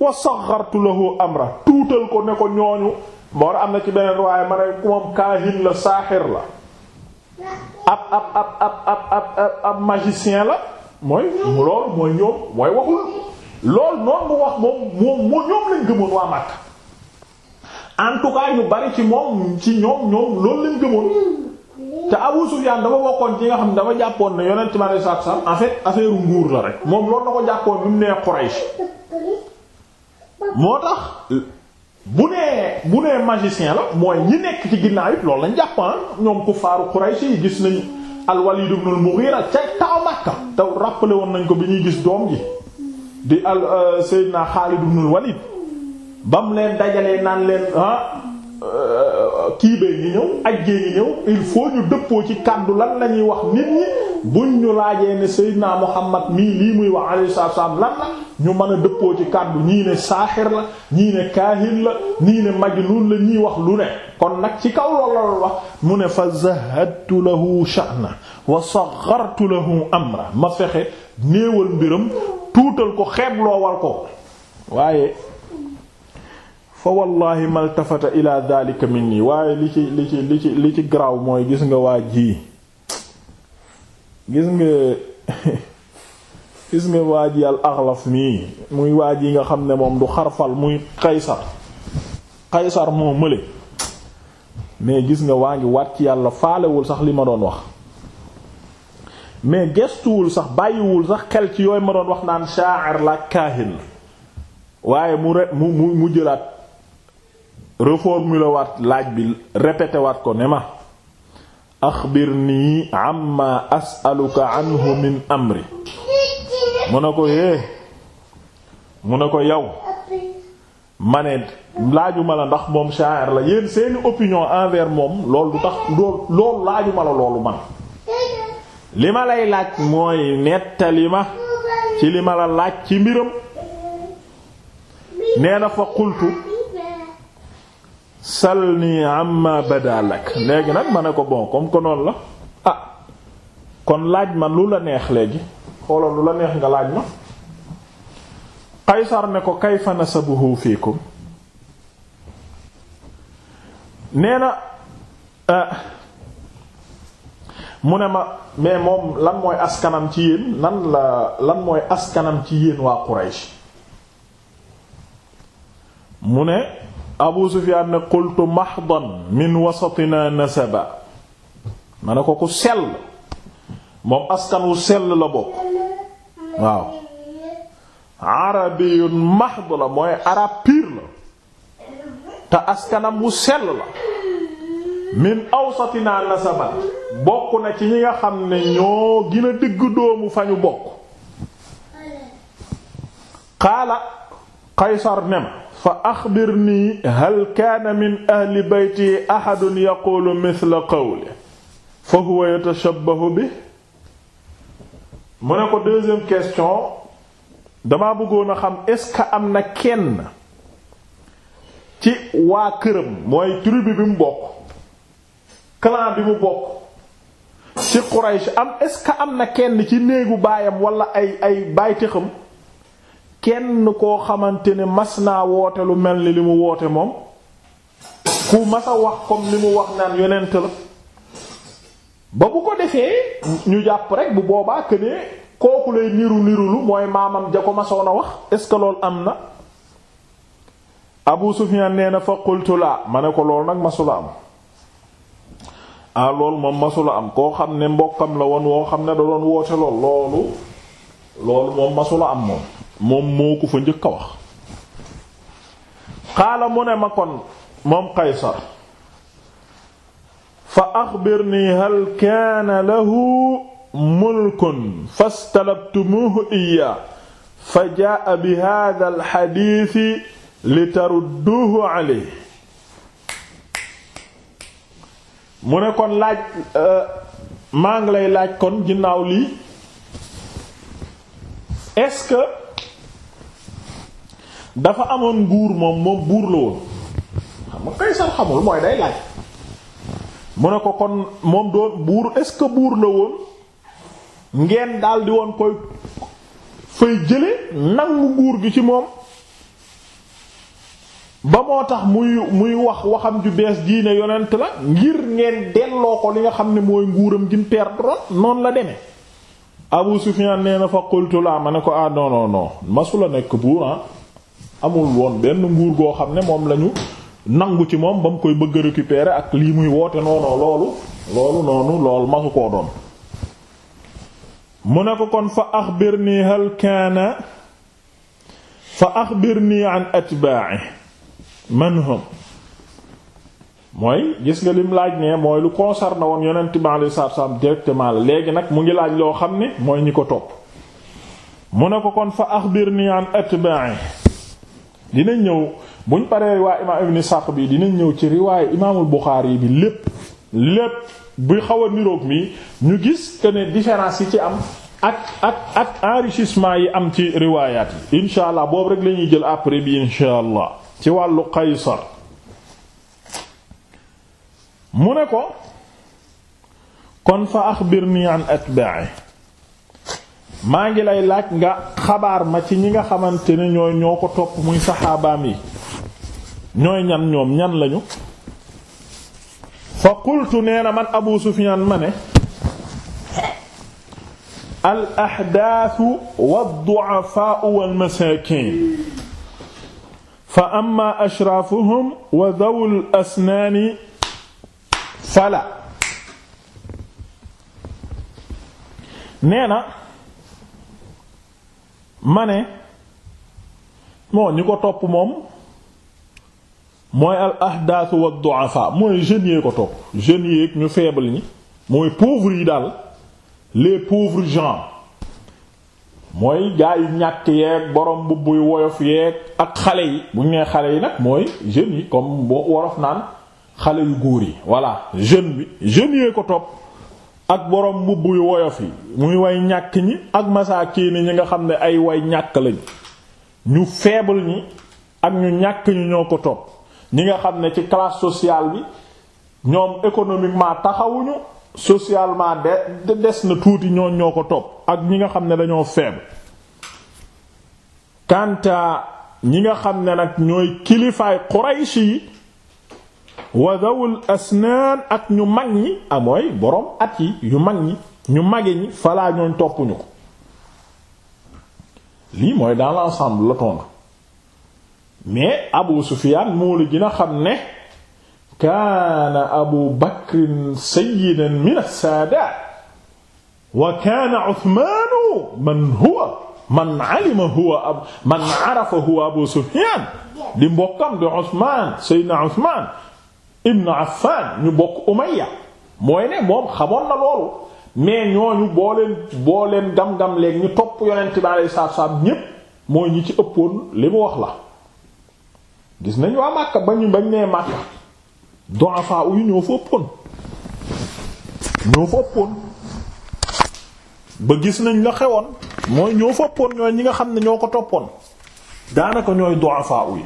Speaker 1: wa saxartu lahu amra tuutal ko ne ko ñooñu moo am na ci beneen waaye ma ne moom kaahin la saaxir la ab ab ab ab ab ab ab magicien la mooy loolu mooy ñoom mooy waxul loolu noonu mu wax moom moo ñoom lañ gëmoon waa Makka en ñu bari ci moom ci ñoom ñoom loolu lañ gëmoon te Abu Sufyan dafa bokkoon ci nga xam ne dama jàppoon na yonent mi alayhi salaatu salaam en fait affaire nguur la rek moom loolu na ko jàppoon bi mu nee Quraysh moo tax bu nee bu nee magicien la mooy ñi nekk ci ginnaaw lool loolu lañ jàppan ah. ñoom ku faaru Quraysh yi gis nañu al-Walid ibn mu mughira ca taw Makka te rappelé woon nañ ko bi ñuy gis doom ji di al euh, naa Khalid ibn al-Walid bam leen dajalee naan leen ah, kiibee ngi ñëw ajjee ngi ñëw il faut ñu dëppoo ci kàddu lan la ñuy wax nit ñi buñ ñu laajee ne Seydina Muhammad mii lii muy wax alayhi salaam lan la ñu mën a dëppoo ci kàddu ñii ne saaxir la ñii ne kaahin la ñii ne majnuun la ñuy wax lu ne kon nag ci kaw loolu la wax mu ne fa zahadtu lahu sha'na wa saghartu lahu amra ma fexe néewal mbiram tuutal ko xeebloowal ko waaye fa wallahi maltafata ila dhalika minni waaye li ci li ci li ci li ci graaw mooy gis nga waa ji gis nga gis nga waa ji al axlaf mii muy waa yi nga xam ne moom du xarfal muy kaysar kaysar moo mële mais gis nga waa ngi waat ci yàlla faalewul sax li ma doon wax mais gestuwul sax bàyyiwul sax xel ci yooyu ma doon wax naan sha'ir la kaahin waaye mu re mu mu mu jëlaat reformulé waat laaj bi répété waat ko ne ma ak axbirnii amma as'aluka anhu min amri mu ne ko yée eh, mu ne ko yow ma ne laajuma la ndax moom shaa'ir la yéen seeni opinion envers moom loolu du tax loolu laajuma la loolu man li ma lay laaj mooy nettali ma ci li ma la laaj ci mbiram nee fa qultu salni amma badalak léegi nag ma ne ko bon comme que noonu la ah kon laaj ma lu la neex léegi xoolal lu la neex nga laaj ma Qaysar ne ko kayfa nasabuhu fiikum nee na ah, mu ne ma mais moom lan mooy askanam ci yéen lan la lan mooy askanam ci yéen waa Quraysh mu ne abu sufiyaan ne qultu mahdan min wasatina nasaba ma ne ko ku sell moom askan wu sell la bokk waaw arabiyun mahd la mooy arab piir la te askanam wu sell la min awsatina nasaba bokk na ci ñi nga xam ne ñoo gën a digg doomu fa ñu bokk qaala Qaysar ne ma fa axbirnii hal kaana min ahli bayti ahadun yaqulu mithla qawli fa huwa yatashabbahu bi mu ne ko deuxième kestion dama bëggoon a xam est-ce que am na kenn ci waa këram mooy tribu bi mu bokk clan bi mu bokk ci Quraysh am est-ce que am na kenn ci néegu baayam wala ay ay baay tëxam kenn koo xamante ne mas naa woote lu mel ni li mu woote moom ku mas wax comme li mu wax naan yonent la ba bu ko defee ñu jàpp rek bu boobaa que kooku lay niru nirulu mooy maamam ja ko masoon a wax est ce que loolu am na. Abu Sufyan nee na fa qultu ma ne ko loolu nag masula am ah loolu moom masula am koo xam ne mbokkam la woon woo xam ne da doon woote loolu loolu moom masula am moom. moom moo ko fa njëkk a wax xaala mu ne ma kon moom Qaysar fa axbirnii hal kaana lahu mulkun fastalabtumuuhu iyyaa fa jaa'a bi haadhal hadiisi litarudduuhu alayhi mu ne kon laaj maa ngi lay laaj kon ginnaaw lii est-ce que dafa amoon nguur moom moom buur la woon xam nga kaysar xamul mooy day laaj mu ne ko kon moom doon buur est-ce que buur la woon ngeen daldi woon koy fay jële nangu nguur gi ci moom ba moo tax muy muy wax waxam ju bees diine yonent la ngir ngeen delloo ko li nga xam ne mooy nguuram gin perdron noonu la demee Abu Sufyan nee na fa qultu la ma ne ko ah non masula nekk buur ah amul woon benn nguur goo xam ne moom lañu nangu ci moom ba mu koy bëgg a ak lii muy woote noonu loolu loolu noonu loolu masu koo doon mu ne ko kon fa axbirni hal kaana fa axbirni an atba'i man hum mooy gis nga lim laaj ne mooy lu concerne woon yonent bi alayhi directement la léegi nag mu ngi laaj loo xam ne mooy ñi ko topp mu ne ko kon fa axbirni an atba'i dinañ ñëw buñ paree riwaay imaam ibn Saq bi dinañ ñëw ci riwaay imaamul Buxaari bi lépp lépp bu xaw a niroog bi ñu gis que ne différence yi ci am ak ak ak enrichissement yi am ci riwaayaat yi insha boobu rek lañuy jël après bi insha allah ci wàllu Qaysar mu ne ko kon fa axbirni an atba'i maa ngi lay laaj nga xabaar ma ci ñi nga xamante ne ñooy ñoo ko topp muy saxaabaam yi ñooy ñan ñoom ñan lañu fa qultu nee man abu sufyan ma ne al ahdaasu wa du'afaa'u wal masaakiin fa amma ashraafuhum wa dhawul asnaani fala nee mane moo ñi ko topp moom mooy al ahdaasu wa du'afa mooy jeunes yee ko topp jeunes yeeg ñu faible ñi mooy pauvres yi daal les pauvres gens mooy gaa yu ñàkk yeeg borom bu buy woyof yeeg ak xale yi bu ñu xale yi nag mooy jeunes yi comme boo worof naan xale yu góor yi voilà jeune bi jeunes yee ko topp ak borom mbubb yu woyof yi muy way ñàkk ñi ak masaakiini ñi nga xam ne ay way ñàkk lañu ñu feebal ñi ak ñu ñàkk ñi ñoo ko topp ñi nga xam ne ci classe sociale bi ñoom économiquement taxawuñu socialement de des na tuuti ñoo ñoo ko topp ak ñi nga xam ne dañoo faible quant ñi nga xam ne nag ñooy kilifaay Quraysh yi wa dhawul asnaan ak ñu mag ñi a ah, mooy borom at yi yu mag ñi ñu mage ñi falaa ñooñ toppuñu ko lii mooy dans l'ensemble la tontu mais Abu Sufyaan moo la gën xam ne kaana Abu Bakrin sayyidan min as-saadaat wa kaana Usmaanu man huwa man alima huwa ab man Abu Sufyaan di mbokkam di Usmaan sayyidina Usmaan ibn Affan ñu bokk ya mooy ne moom xamoon na loolu mais ñooñu boo leen boo leen gam-gam léegi ñu topp yonent bi alayhi salaatu salaam ñépp mooy ñi ci ëppoon li la gis nañu waa ba ñoo fa ëppoon ba gis nañ la xewoon mooy ñoo fa ëppoon ñooy ñi nga xam ne ñoo ko toppoon daanaka ñooy du'afa yi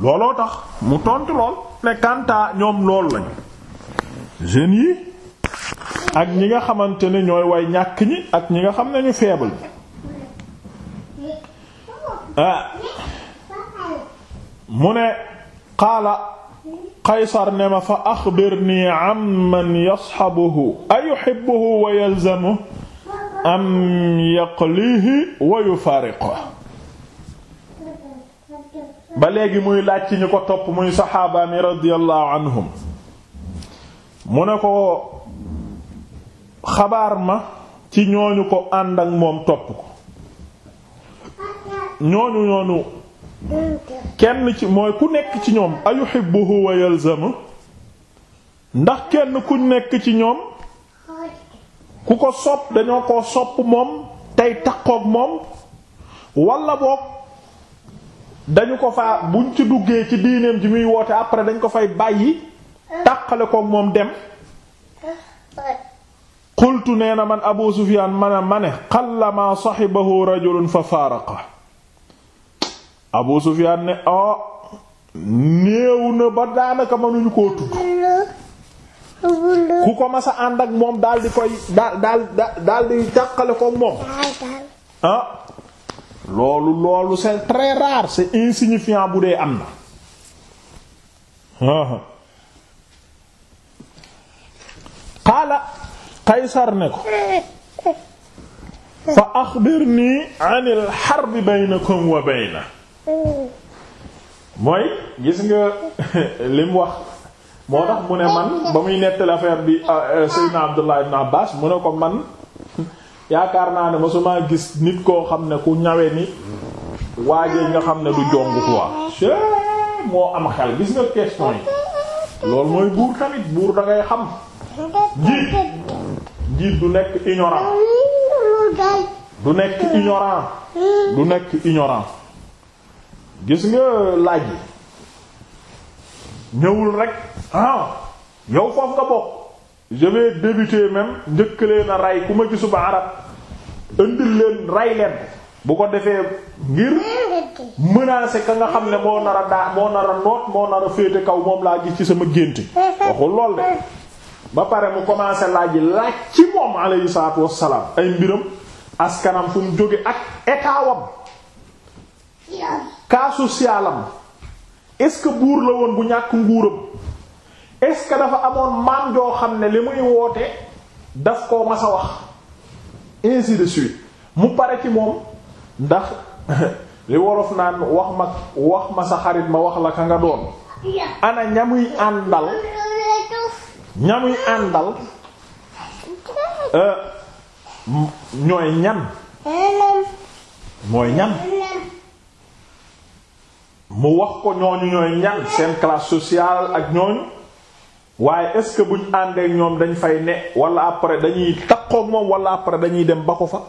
Speaker 1: looloo tax mu tontu lool ne kanta ñoom lool lañu jeunes yi ak ñi nga xamante ne ñooy way ñàkk ñi ak ñi nga xam ne ñu faible ah, mu ne qaala Qaysar ne ma fa axbirnii amman yasxabuhu a yuhibbuhu wa yalzamuhu am yaqlihi wa yufaariquhu ba léegi muy laaj ci ñu ko topp muy saxaaba mi radiyallahu anhum mu ne ko xabaar ma ci ñooñu ko ànd ak moom topp ko ñooñu ñooñu kenn ci mooy ku nekk ci ñoom ayuhibbuhu wa yalzamu ndax kenn ku nekk ci ñoom ku ko sopp dañoo ko sopp moom tey takkook moom walla boog dañu ko faa buñ ci duggee ci diineem ji muy woote après dañ ko fay bàyyi tàqale koog moom dem qultu nee na man abu sufiyaan mana ma ne xallamaa saxibahu rajulun fa faaraqa abu sufiyaan ne o ah, néew na ba daanaka mënuñu koo tudd ku ko masa ànd ak moom daal di koy daal daal daal di tàqale koog moom ah loolu loolu c'est très rare c'est insignifiant bu dee am na qaala qaysar ne ko fa axbirnii an il xarbi baynakum wa bayna mooy gis nga lim wax moo tax mu ne man ba muy nettali affaire bi ah, Seydina Abdullah ibn Abbas mu ne ko man yaakaar naa ne masumaa gis nit koo xam ne ku ñawe ni waajee nga xam ne du jong quoi moo am xel gis nga question yi loolu mooy buur tamit buur da xam njiit njiit du nekk ignorant du nekk ignorant du nekk ignorant gis nga laaj yi ñëwul rek ah yow foofu nga bokk je vais débuter njëkk leen a rey ku ma gisu ba arab indil leen rey leen bu ko defee ngir menacer ka nga xam ne moo nar a daa moo nar a noot moo nar a féete kaw moom laa gis ci sama gént waxul lool de ba pare mu commencé laaj laaj ci moom alayhi salaatu wassalaam ay mbiram askanam fu mu jóge ak état wam cas social est-ce que buur la woon bu ñàkk nguuram est-ce que dafa amoon maam joo xam ne li muy woote daf koo mas a wax ainsi de suite mu pare ci moom ndax li wolof naan wax ma wax ma sa xarit ma wax la ka nga doon ana ñamuy àndal ñamuy àndal euh, ñooy ñan mooy ñan mu wax ko ñooñu ñooy ñan seen classe sociale ak ñooñu waaye est-ce ànd buñ ñoom dañ fay ne wala après dañuy takkook moom walla après dañuy dem ba ko fa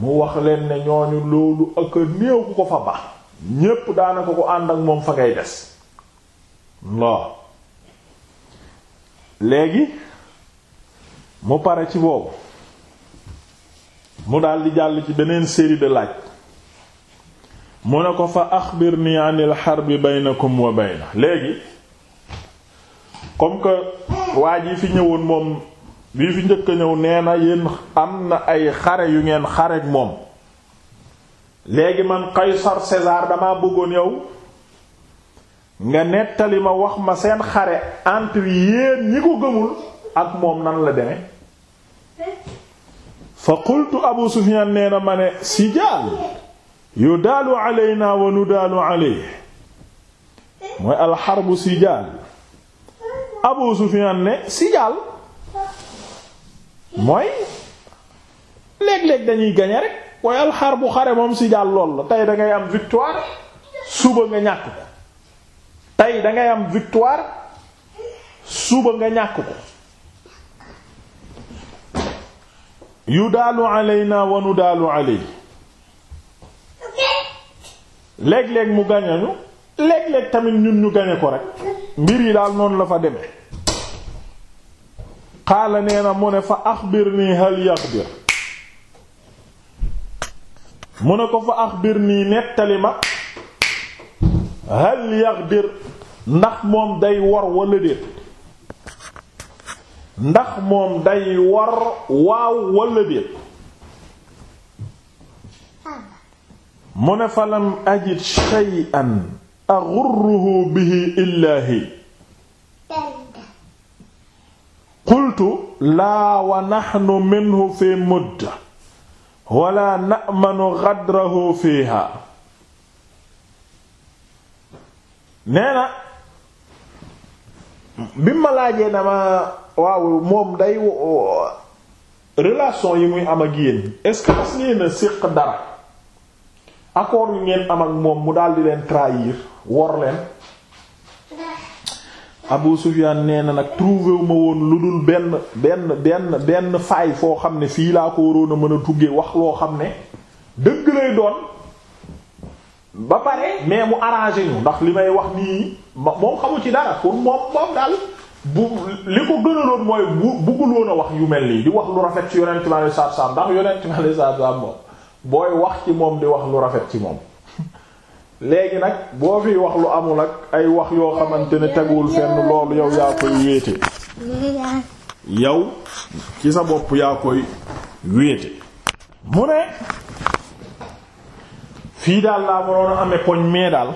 Speaker 1: mu wax leen ne ñooñu loolu ak néew ko fa ba ñépp daanaka ko ànd ak moom fa ngay des loo léegi mu pare ci boobu mu daldi jàll ci beneen série de laaj mu ne ko fa axbir ni anil harbi baynakum wa bayna léegi comme que waa ji fi ñëwoon moom bii fi njëkk a ñëw nee na yéen am na ay xare yu ngeen xareek moom léegi man Qaysar César dama bëggoon yow nga nettali ma wax ma seen xare entre yéen ñi ko gëmul ak moom nan la deme fa qultu Abu Sufyan nee na ma ne sijaal yudaalu alayna wa nudaalu alayhi mooy alxarbu sijaal Abu Sufyan ne sijaal mooy léeg-léeg dañuy gañe rek koy alxar bu xare moom sijaal lool la tey dangay am victoire suba nga ñàkk ko tey dangay am victoire suba nga ñàkk ko yu daalu alayna wanu daalu alay léeg-léeg mu gañañu léeg-léeg tamit ñun ñu gañe ko rek mbir yi daal noonu la fa demee xaala nee na mu ne fa axbirnii hal yaxbir mu ne ko fa axbirnii nettali ma hal yaxbir ndax moom day war wala déet ndax moom day war waaw wala déet mu ne fa lam ajid shay'an agurruhu bihi illaahi qultu laa wa naxnu minhu fi mudda wala namanu xadrahu fiiha nee na bi ma laajee na ma waaw moom day relation yi muy am ak yéen est-ce que mas ngeen dara accord yu ngeen am ak moom mu daal di leen trahir wor leen Abu Sufyan nee na nag trouvé wu ma woon lu dul benn benn benn benn faay foo xam ne fii laa ko waroon a mën a duggee wax loo xam ne dëgg lay doon ba pare mais mu arrangé ñu ndax li may wax nii moom xamu ci dara pour moom moom daal bu li ko gënaloon mooy bu bëgguloon a wax yu mel nii di wax lu rafet ci yonent bi sallallahu alayhi wasallam ndax yonent bi sallallahu alayhi moom booy wax ci moom di wax lu rafet ci moom léegi nag boo fiy wax lu amul ak ay wax yoo xamante ne teguwul fenn loolu yow yaa koy wéete yow ci sa bopp yaa koy wéete mu ne fii daal laa mënoon a amee poñ mais daal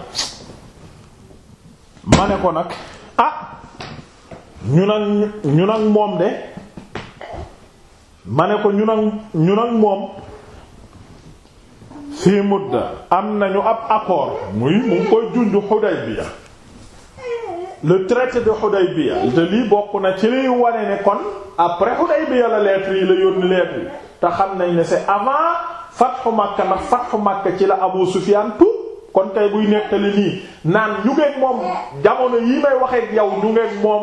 Speaker 1: ma ne ko nag a ah, ñu nag ñu nag moom de ma ne ko ñu nag ñu nag moom fii mudda am nañu ab accord muy mu ngi koy junj Hudaybiya le traité de Hudaybiya te lii bokk na ci liy wane ne kon après Hudaybiya la lettre yi la yónni lettre te xam nañ ne c'est avant fathu Makka ndax fathu Makka ci la Abu Sufyaan tout kon tey buy nettali nii naan ñu ngeeg moom jamono yi may waxeeg yow ñu ngeeg moom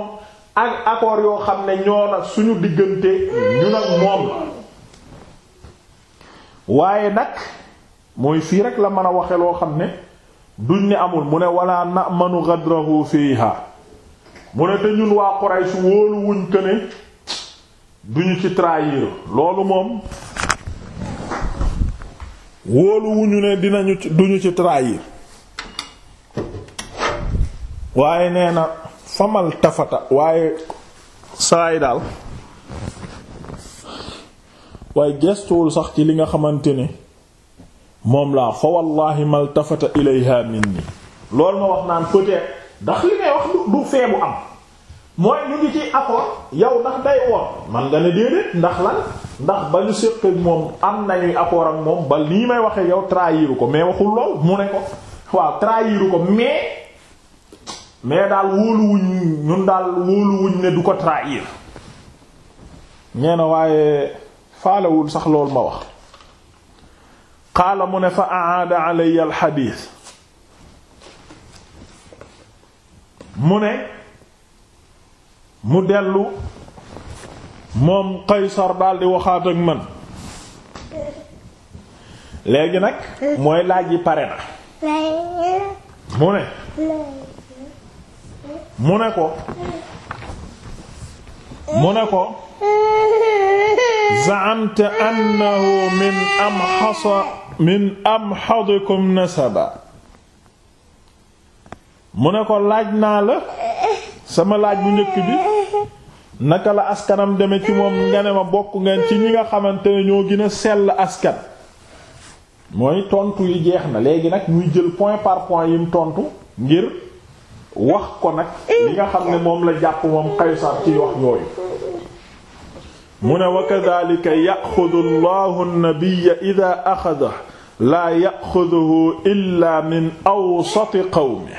Speaker 1: ak accord yoo xam ne ñoo nag suñu diggante ñu nag moom waaye nag mooy fii rek la mën a waxe loo xam ne duñ ni amul mu ne wala na'manu ghadrahu fiha mu ne te ñun waa Quraysh wóolu wuñ ko ne duñu ci trahir loolu moom wóolu wuñu ne dinañu duñu ci trahir waaye nee na famal tafata waaye saay daal waaye gestuwul sax ci li nga xamante ne moom laa fa wallahi maltafata ilayha minni loolu ma wax naan peut-être ndax li may wax du feebu am mooy ñu ngi ci accord yow ndax day woor man nga ne déedéet ndax lan ndax ba ñu séq moom am nañuy accord ak moom ba lii may waxee yow trahiru ko mais waxul lool mu ne ko waaw trahiru ko mais mais daal wóoluwuñ ñun daal wóoluwuñ ne du ko trahir nee na waaye faalewul sax loolu ma wax qaala mu ne fa aada alayya alxadiis mu ne mu dellu moom Qaysar daldi waxaat ak man léegi nag mooy laaj yi pare na mu ne mu ne ko mu ne ko za'amta annahu min amhadikum nasaba mu ne ko laaj naa la sama laaj bu njëkk bi naka la askanam deme ci moom nga ne ma bokk ngeen ci ñi nga xamante ne ñoo gën a sell askan mooy tontu yi jeex na léegi nag muy jël point par point yim tontu ngir wax ko nag li nga xam ne moom la jàpp moom Qaysar ci wax yooyu mu ne wa kadhalika yaxudu allahu nabiyya ida axada laa yaxuduhu illa min awsati qawmi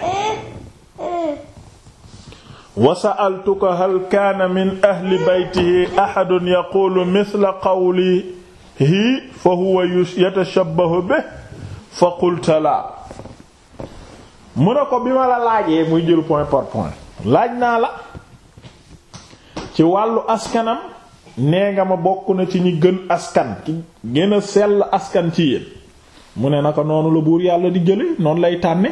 Speaker 1: wa sa'altuka hal kaana min ahli baytihi ahadun yaqulu mithla qawlihi fa huwa yatashabbahu bihi fa qulta laa mu ne ko bi ma la laajee muy jël point par point laaj naa la ci wàllu askanam nee nga ma bokk na ci ñi gën askan ki gën a sell askan ci yéen mu ne naka noonu la buur yàlla di jële noonu lay tànne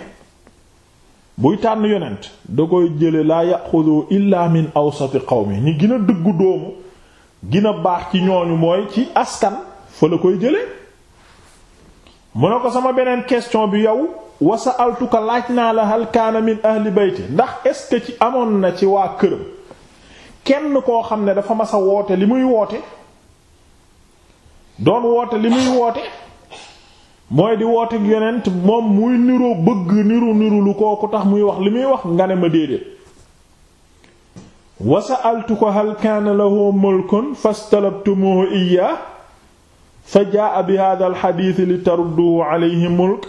Speaker 1: buy tànn yonent da koy jële laa yaxudu illa min awsati qawmi ñi gën a dëggu doomu gën a baax ci ñooñu mooy ci askan fa la koy jële mu ne ko sama beneen question bi yow wasa altuka laaj naa la hal kaanamin min ahli bayti ndax est ci amoon na ci waa këram kenn koo xam ne dafa mas a woote li muy woote doon woote li muy woote mooy di woote yonent moom muy niroo bëgg niru niru lu kooku tax muy wax li muy wax nga ne ma déedéet wa sa'altuka hal kaana lahu mulkun fastalabtumuhu iyyah fa jaa'a bi hadha al li tarudduhu mulk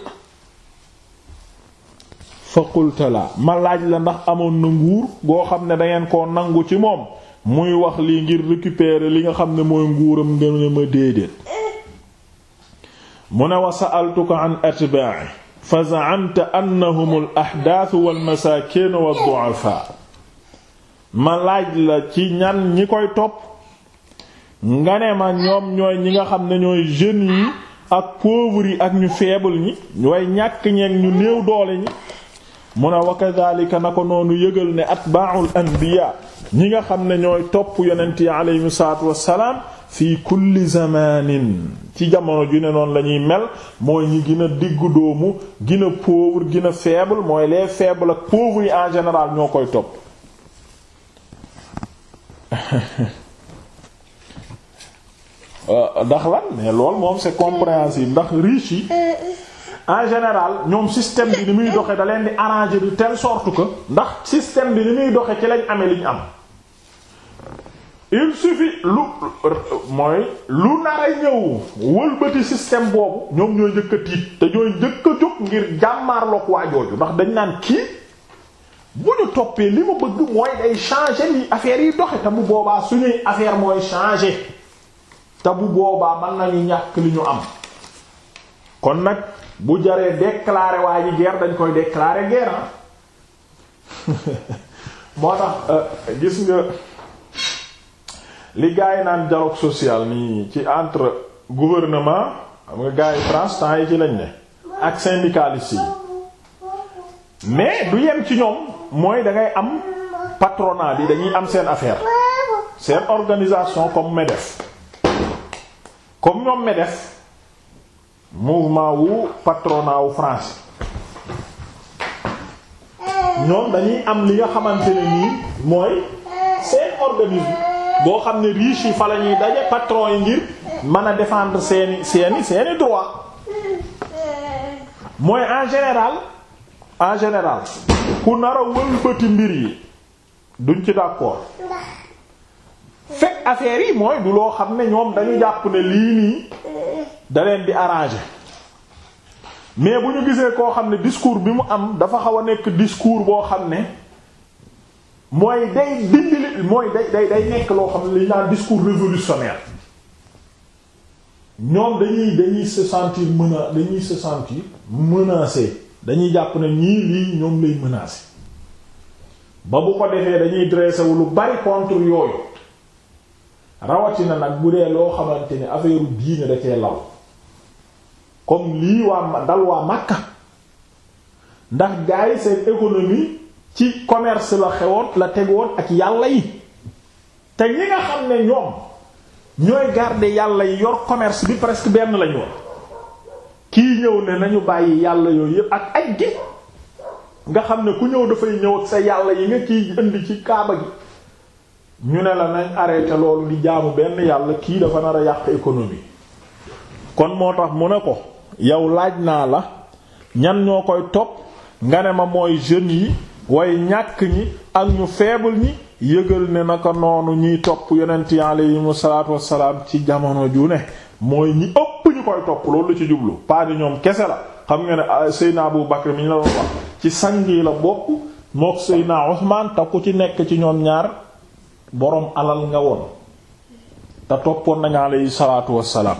Speaker 1: fa la ma laaj la ndax amoon na nguur goo xam ne dangeen ko nangu ci moom muy wax lii ngir récupérer li nga xam ne mooy nguuram nga ne ma déedéet mu ne wa sa'altuka an atba'i fa za'amta annahum al ahdath wal masakin wad du'afa ma laaj la ci ñan ñi koy topp nga ne ma ñoom ñooy ñi nga xam ne ñooy jeunes yi ak pauvres yi ak ñu feebal ñi ñooy ñàkk ñeeg ñu néew doole ñi mu ne wa kadhalika na ko noonu yëgal ne atba'ul anbiya ñi nga xam ne ñooy topp yonent yi aleyhim salaatu wassalaam fii kulli zamanin ci jamono ju ne noonu lañuy mel mooy ñi gën a diggu doomu gën a pauvre faible mooy les faibles ak pauvres yi en général ñoo koy topp euh, ndax la mais lool moom c'est compréhensible ndax riche yi euh, en général ñoom système bi ni muy doxe da leen di arranger de telle sorte que ndax système bi ni muy doxe ci lañ amee liñ am il suffit lu mooy lu nar a ñëw wëlbati système boobu ñoom ñooy njëkk a tiit te ñooy njëkk a jóg ngir jàmmaarloog waa jooju ndax dañ naan kii bu ñu toppee li ma bëgg mooy day changer li affaire yi doxe te bu boobaa suñuy affaire mooy changé te bu boobaa mën nañu ñàkk li ñu am kon nag bu jaree déclarer waa ji guerre dañ koy déclarer guerre moo tax euh, gis nga li gars yi naan dialogue social nii ci entre gouvernement am nga gars yi France temps yi ci lañ ne ak syndicalistes yi mais du yem ci ñoom mooy da ngay am patronat bi dañuy am seen affaire seen organisation comme MEDEF comme ñoom MEDEF. mouvement wu patronat wu France ñoom dañuy am li nga xamante ne nii mooy seen organisme boo xam ne riche yi fa la ñuy daje patron yi ngir mën a défendre seeni seeni seeni droit mooy en général en général ku nar a wëlbati mbir yi duñ ci d'accord fekk affaire yi mooy du loo xam ne ñoom dañu jàpp ne lii nii da leen di arrangé mais bu ñu gisee koo xam ne discours bi mu am dafa xaw a nekk discours boo xam ne mooy day dindi mooy day day nekk loo xam ne li ñu naan discours révolutionnaire ñoom dañuy dañuy se di mena dañuy se sentir dañuy jàpp ne ñii lii ñoom lay menacé ba bu ko defee dañuy dressé wu lu bari contre yooyu rawatina nag bu dee loo xamante ni affaire diine da cee law comme lii waa dal waa Makka ndax gars yi seen économie ci commerce la xewoon la tegoon ak yàlla yi te ñi nga xam ne ñoom ñooy garder yàlla yi yor commerce bi presque benn lañu woon kii ñëw ne nañu bàyyi yàlla yooyu yëpp ak aj gi nga xam ne ku ñëw dafay ñëw sa yàlla yi nga kii indi ci kaaba gi ñu ne la nañ arrêté loolu di jaamu benn yàlla kii dafa nar a yàq économie kon moo tax mu ne ko yow laaj naa la ñan ñoo koy topp nga ne ma mooy jeunes yi way ñàkk ñi ak ñu feebal ñi yëgal ne naka noonu ñuy topp yonent yi aleyhimu salaatu wassalaam ci jamono ju ne mooy ñi ëpp ñu koy topp loolu ci jublu pas de ñoom kese la xam nga ne ah, Seydina Abu Bakr mi ñu la doon wax ci sang yi la bokk mook Seydina Usmaan te ku ci nekk ci ñoom ñaar boroom alal nga woon te toppoon nañu aleyhi salaatu wassalaam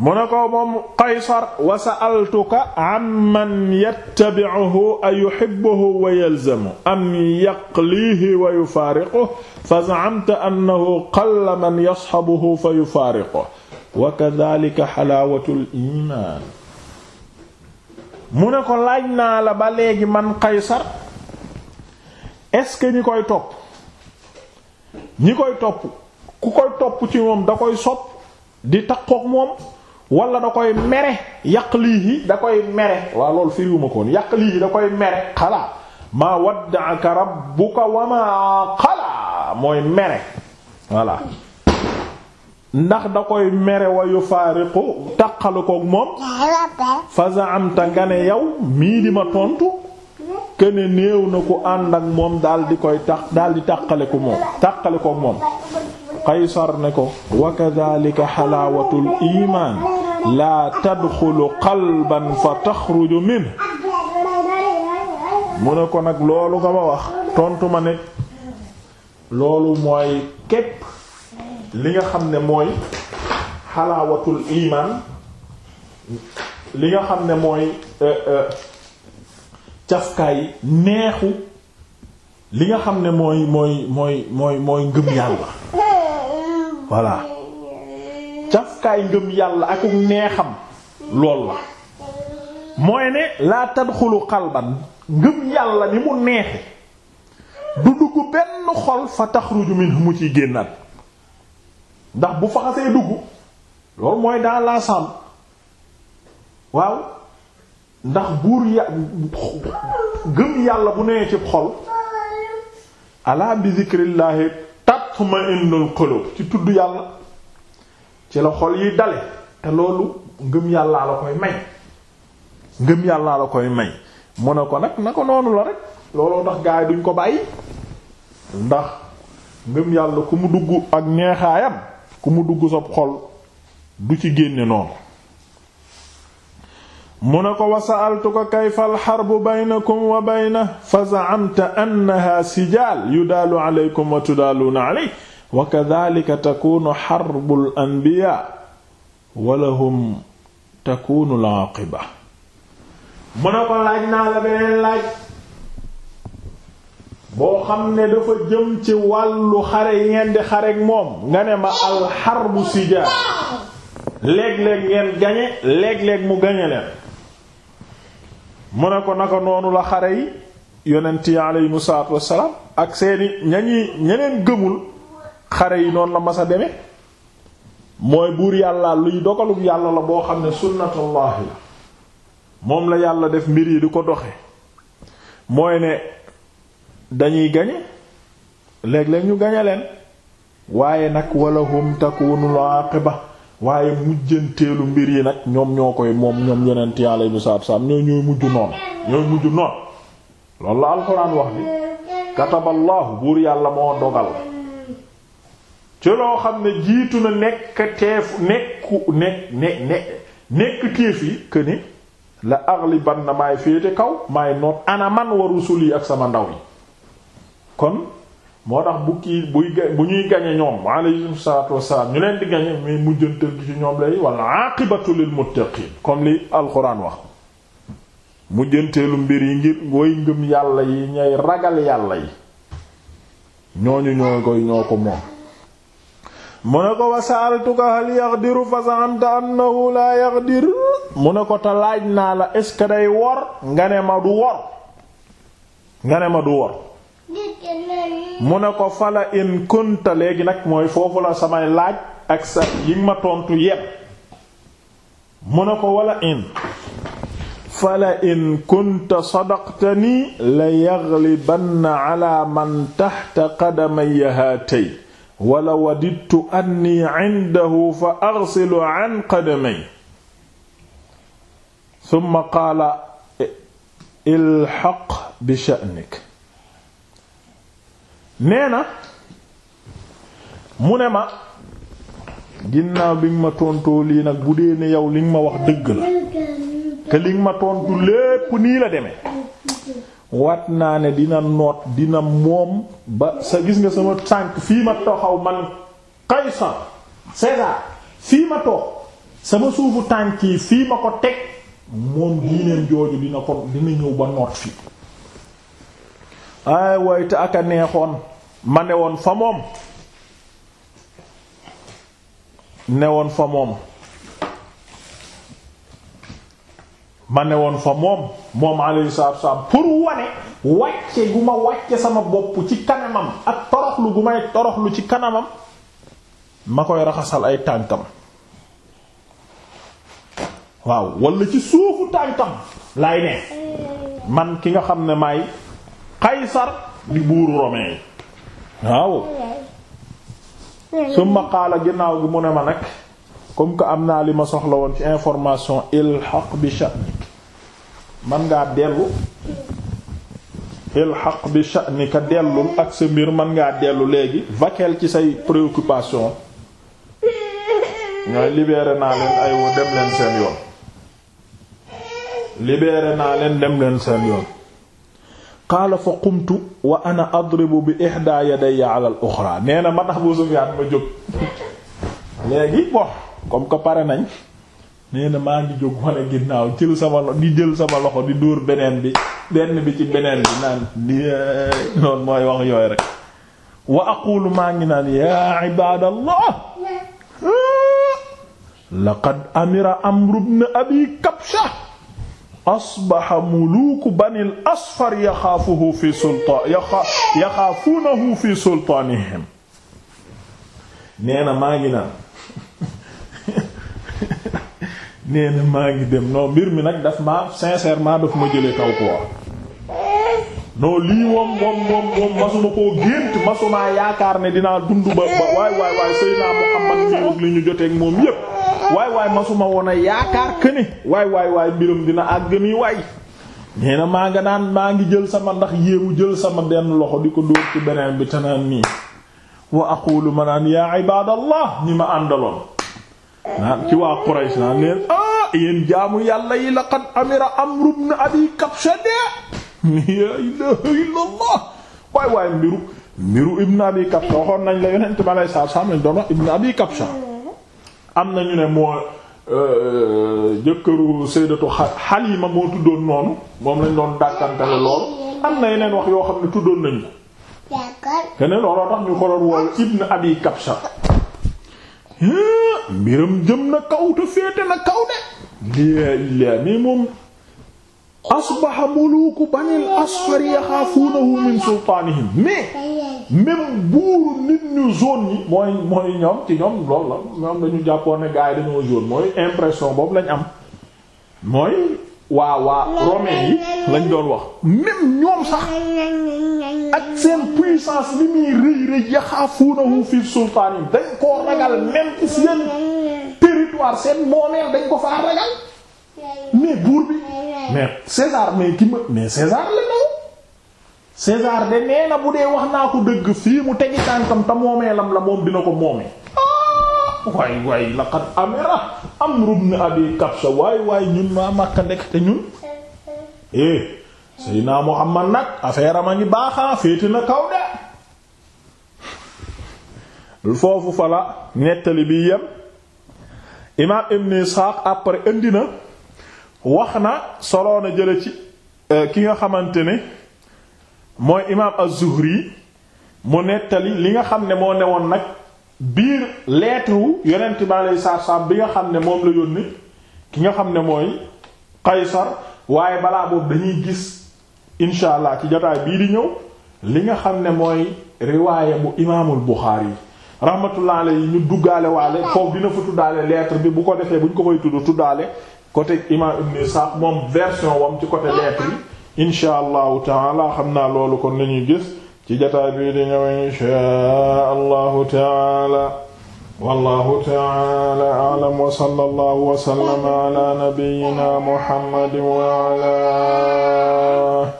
Speaker 1: mu ne ko moom qaysar wa sa'altuka amman yattabi'uhu ayuhibbuhu wa yalzamu am yaqlihi wa yufaariquhu fa za'amta annahu qalla man yashabuhu fa yufaariquhu wa kadhalika halaawatul iimaan mu ne ko laaj naa la ba léegi man qaysar est-ce que ñi koy topp ñi koy topp ku koy topp ci moom da koy sopp di takkook moom wala da koy mere yàq lii da koy mere waaw loolu firiwuma koon yàq lii da koy mere xalaa maa wadda'aka rabbuka wa maa xalaa mooy mere voilà ndax da koy mere wa yufaariqu taqalu koog moom fa za'amta nga ne yow mii di ma tontu kene néew na ku ànd ak moom daal di koy tax daal di taqale ko moom taqale ne ko wa kadhalika halawatul iman laa tadxulu qalban fa taxruju min mu ne ko nag loolu nga ma wax tontu ma ne loolu mooy képp li nga xam ne mooy xalaawatul iimaan li nga xam ne mooy euh, euh, cafkaay neexu li nga xam ne mooy mooy mooy mooy mooy ngëm yàlla voilà kaay ngëm yàlla ak neexam lool la mooy ne laa tadxulu xalban ngëm yàlla ni mu neexe du dugg benn xol fa taxruju minhu mu ci génnaat ndax bu faxasee dugg loolu mooy dans l'ensemble waaw ndax buur ya gëm yàlla bu newee ci xol ala bi zikrillahi tatma'innul qulub ci tudd yàlla ci la xol yi dale te loolu ngëm yàllaa la koy may ngëm yàllaa la koy may mu ne ko nag na ko noonu la rek looloo tax gaay duñ ko bàyyi ndax ngëm yàlla ku mu dugg ak neexaayam ku mu dugg sob xol du ci génne noonu mu ne ko wa sa'altuka kayfa alxarbu baynakum wa bayna fa za'amta annaha yu yudaalu alaykum wa tudaaluuna alayhi wa kadhalika takunu xarbul anbiya walahum takunu laaqiba mu ne ko laaj naa la beneen laaj boo xam ne dafa jëm ci wàllu xare yi ngeen di xare ak moom nga ne ma alxarbu sijaar léeg-léeg ngeen gañe léeg-léeg mu gañe leen mu ne ko nag noonu la xare yi yonent yi aleyhimu salaatu wassalaam ak seeni ñañi ñeneen gëmul xare yi noonu la mas a demee mooy buur yàlla luy dogalub yàlla la boo xam ne sunnatullahi la moom la yàlla def mbir yi du ko doxe mooy ne dañuy gañe léeg-léeg ñu gañe leen waaye nag walahum takunul aqiba waaye mujjanteelu mbir yi nag ñoom ñoo koy moom ñoom yonent yàlla yi saab saab ñoo ñooy mujj noonu ñooy mujj noonu loolu la alxuraan wax bi kataballaahu buur yàlla moo dogal ci loo xam ne jiitu na nekk teefu nekku nekk ne nekk téef yi que ni la aghliban na maay féete kaw maay noot ana man wa rusul yi ak sama ndaw yi kon moo tax bu kii bu ñuy gañe ñoom alayhim salaatu wassalaam ñu leen di gañe mais mujjantal gi ci ñoom lay wal li alxuraan wax mujjanteelu mbir yi ngir way ngëm yàlla yi ñay ragal yàlla yi ñooñu ñoo koy ñoo ko moom mu ne ko wasaaltuka hal yaqdiru fa zaamta annahu laa yaqdir mu ne ko te laaj naa la est-ce que wor nga ne ma du wor nga ne ma du wor mu ne ko fala in kunta léegi nag mooy foofu la samay laaj ak sa yi ma tontu yépp mu ne ko wala in fala in kunta sadaqtani la yaghlibanna ala man tahta qadamayya haatay wala wadittu anni indahu fa aghsilu an qadamay summa qaala ilhaq bi sha'nik nee na mu ne ma ginnaaw bi ma tontoo lii nag bu dee ne yow li ma wax dëgg la ke li nga ma tontu lépp nii la deme wat naa ne dina noot dina moom ba sa gis nga sama tànk fii ma toxaw man Qaysar César fii ma toog sama suufu tànk yi fii ma ko teg moom diineem jooju dina ko dina ñëw ba noot fii ay way te aka neexoon ma ne woon fa moom ne woon fa moom ma ne woon fa moom moom alayhi salaatu wasallam pour wane wàcce gu ma wàcce sama bopp ci kanamam ak toroxlu gu may toroxlu ci kanamam ma koy raxasal ay tànkam waaw wala ci suufu tànkam laay ne man ki nga xam ne maay Qaysar di buuru Romain waaw mm. summa qaala ginnaaw gi mu ne ma nag comme ko am naa li ma soxla woon ci information ilhaq bi sha'nik man ngaa dellu ilhaq bi sha'nika dellul ak sa mbir man ngaa dellu léegi vaquer ci say préoccupation ñooy libéré naa leen ay wa dem leen seen yoon libéré naa leen dem leen seen yoon qaala fa qumtu wa ana adribu bi ihda yadayya ala al uxra nee na ma tax bu Sufyaan ma jóg léegi bon comme que pare nañ nee na maa ngi jóg wane ginnaaw jël sama loxo di jël sama di dóor beneen bi benn bi ci beneen bi naan di noonu mooy wax yooyu rek wa aqulu maa ngi naan yaa ibadallah laqad amira amru ibn abi kabsha asbaha muluku banil asfar yaxaafuhu fi sultaan yaxaafunahu fi sultaanihim nee maa ngi naan nee maa ngi dem noo mbir mi nag daf ma sincèrement daf ma jëlee kaw quoi non lii moom moom moom masuma koo gént masuma yaakaar ne dinaa dund ba ba waay waay waay Seydina Muhammad mii ak li ñu joteek moom yépp waay waay masuma woon a yaakaar que waay waay waay dina àgg nii waay. nee maa nga naan maa ngi jël sama ndax yéemu jël sama benn loxo di ko dóor ci beneen bi tanaan nii wa aqulu ma naan yaa ibadallah ñi ma àndaloon. naan ci waa Quraysh naan neen ah, jaamu yàlla yi laqad amira Amru ibn Abi Kabsha de ya ilaha illallah waay waay mbiru mbiru ibn Abi Kabsha waxoon nañ la yonent ma sa sam lañ doon wax ibn Abi Kabsha am nañu ne moo euh, jëkkëru sayyidatu Halima tuddoon noonu moom lañ doon dàkkantale lool am na yeneen wax yoo xam ne tuddoon nañ ko keneen looloo tax ñu ko doon woowe ibn Abi mbiram jëm na kaw te féete na kaw de la mi moom asbaha muluku banil asfar yaxaafuunahu min sultaanihim mais même buuru nit ñu zone yi mooy mooy ñoom ci ñoom loolu la ñoom dañu jàppoon ne gars yi dañoo zone mooy impression boobu lañ am mooy waa waa romain yi lañ doon wax même ñoom sax ak seen puissance li muy rëy rëy yaxaafuunahu fi sultaan dañ koo ragal même ci seen territoire seen moomeel dañ ko faa ragal mais buur bi mais César mais ki ma mais César de nee na bu dee wax naa ko dëgg fii mu tegi tànkam te moomeelam la moom dina ko moomee ah, waay waay laqad amira Amru ibn Abi Kabsha waay waay ñun maa Makka ndekk te ñun eh Seydina Muhammad nag affaire am a ngi baaxaa féete na kaw de foofu fa la nettali bi yem imaam Ibn Ishaq après indi na wax na soloon a jële ci euh, ki nga xamante ne mooy imaam Az-Zuhri mu nettali li nga xam ne moo newoon nag biir leetu wu yonent bi alayhi salaam bi nga xam ne moom la yónni ki nga xam ne mooy Qaysar waaye balaa boobu dañuy gis incha allah ci jotaay bii di ñëw li nga xam ne mooy riwaayé bu imaamul Buxaari yi ñu duggaale waale foofu dina fa tuddaale lettre bi bu ko defee bu ñu ko fay tudd tuddaale côté imam Ibn Isaaq moom version wam ci côté lettre yi incha allahu taala xam naa loolu kon la ñuy gis ci jotaay bii di ñëw incha allahu taala wallahu taala alam wa sallallahu wa sallama ala nabiyyina muhammadin wa ala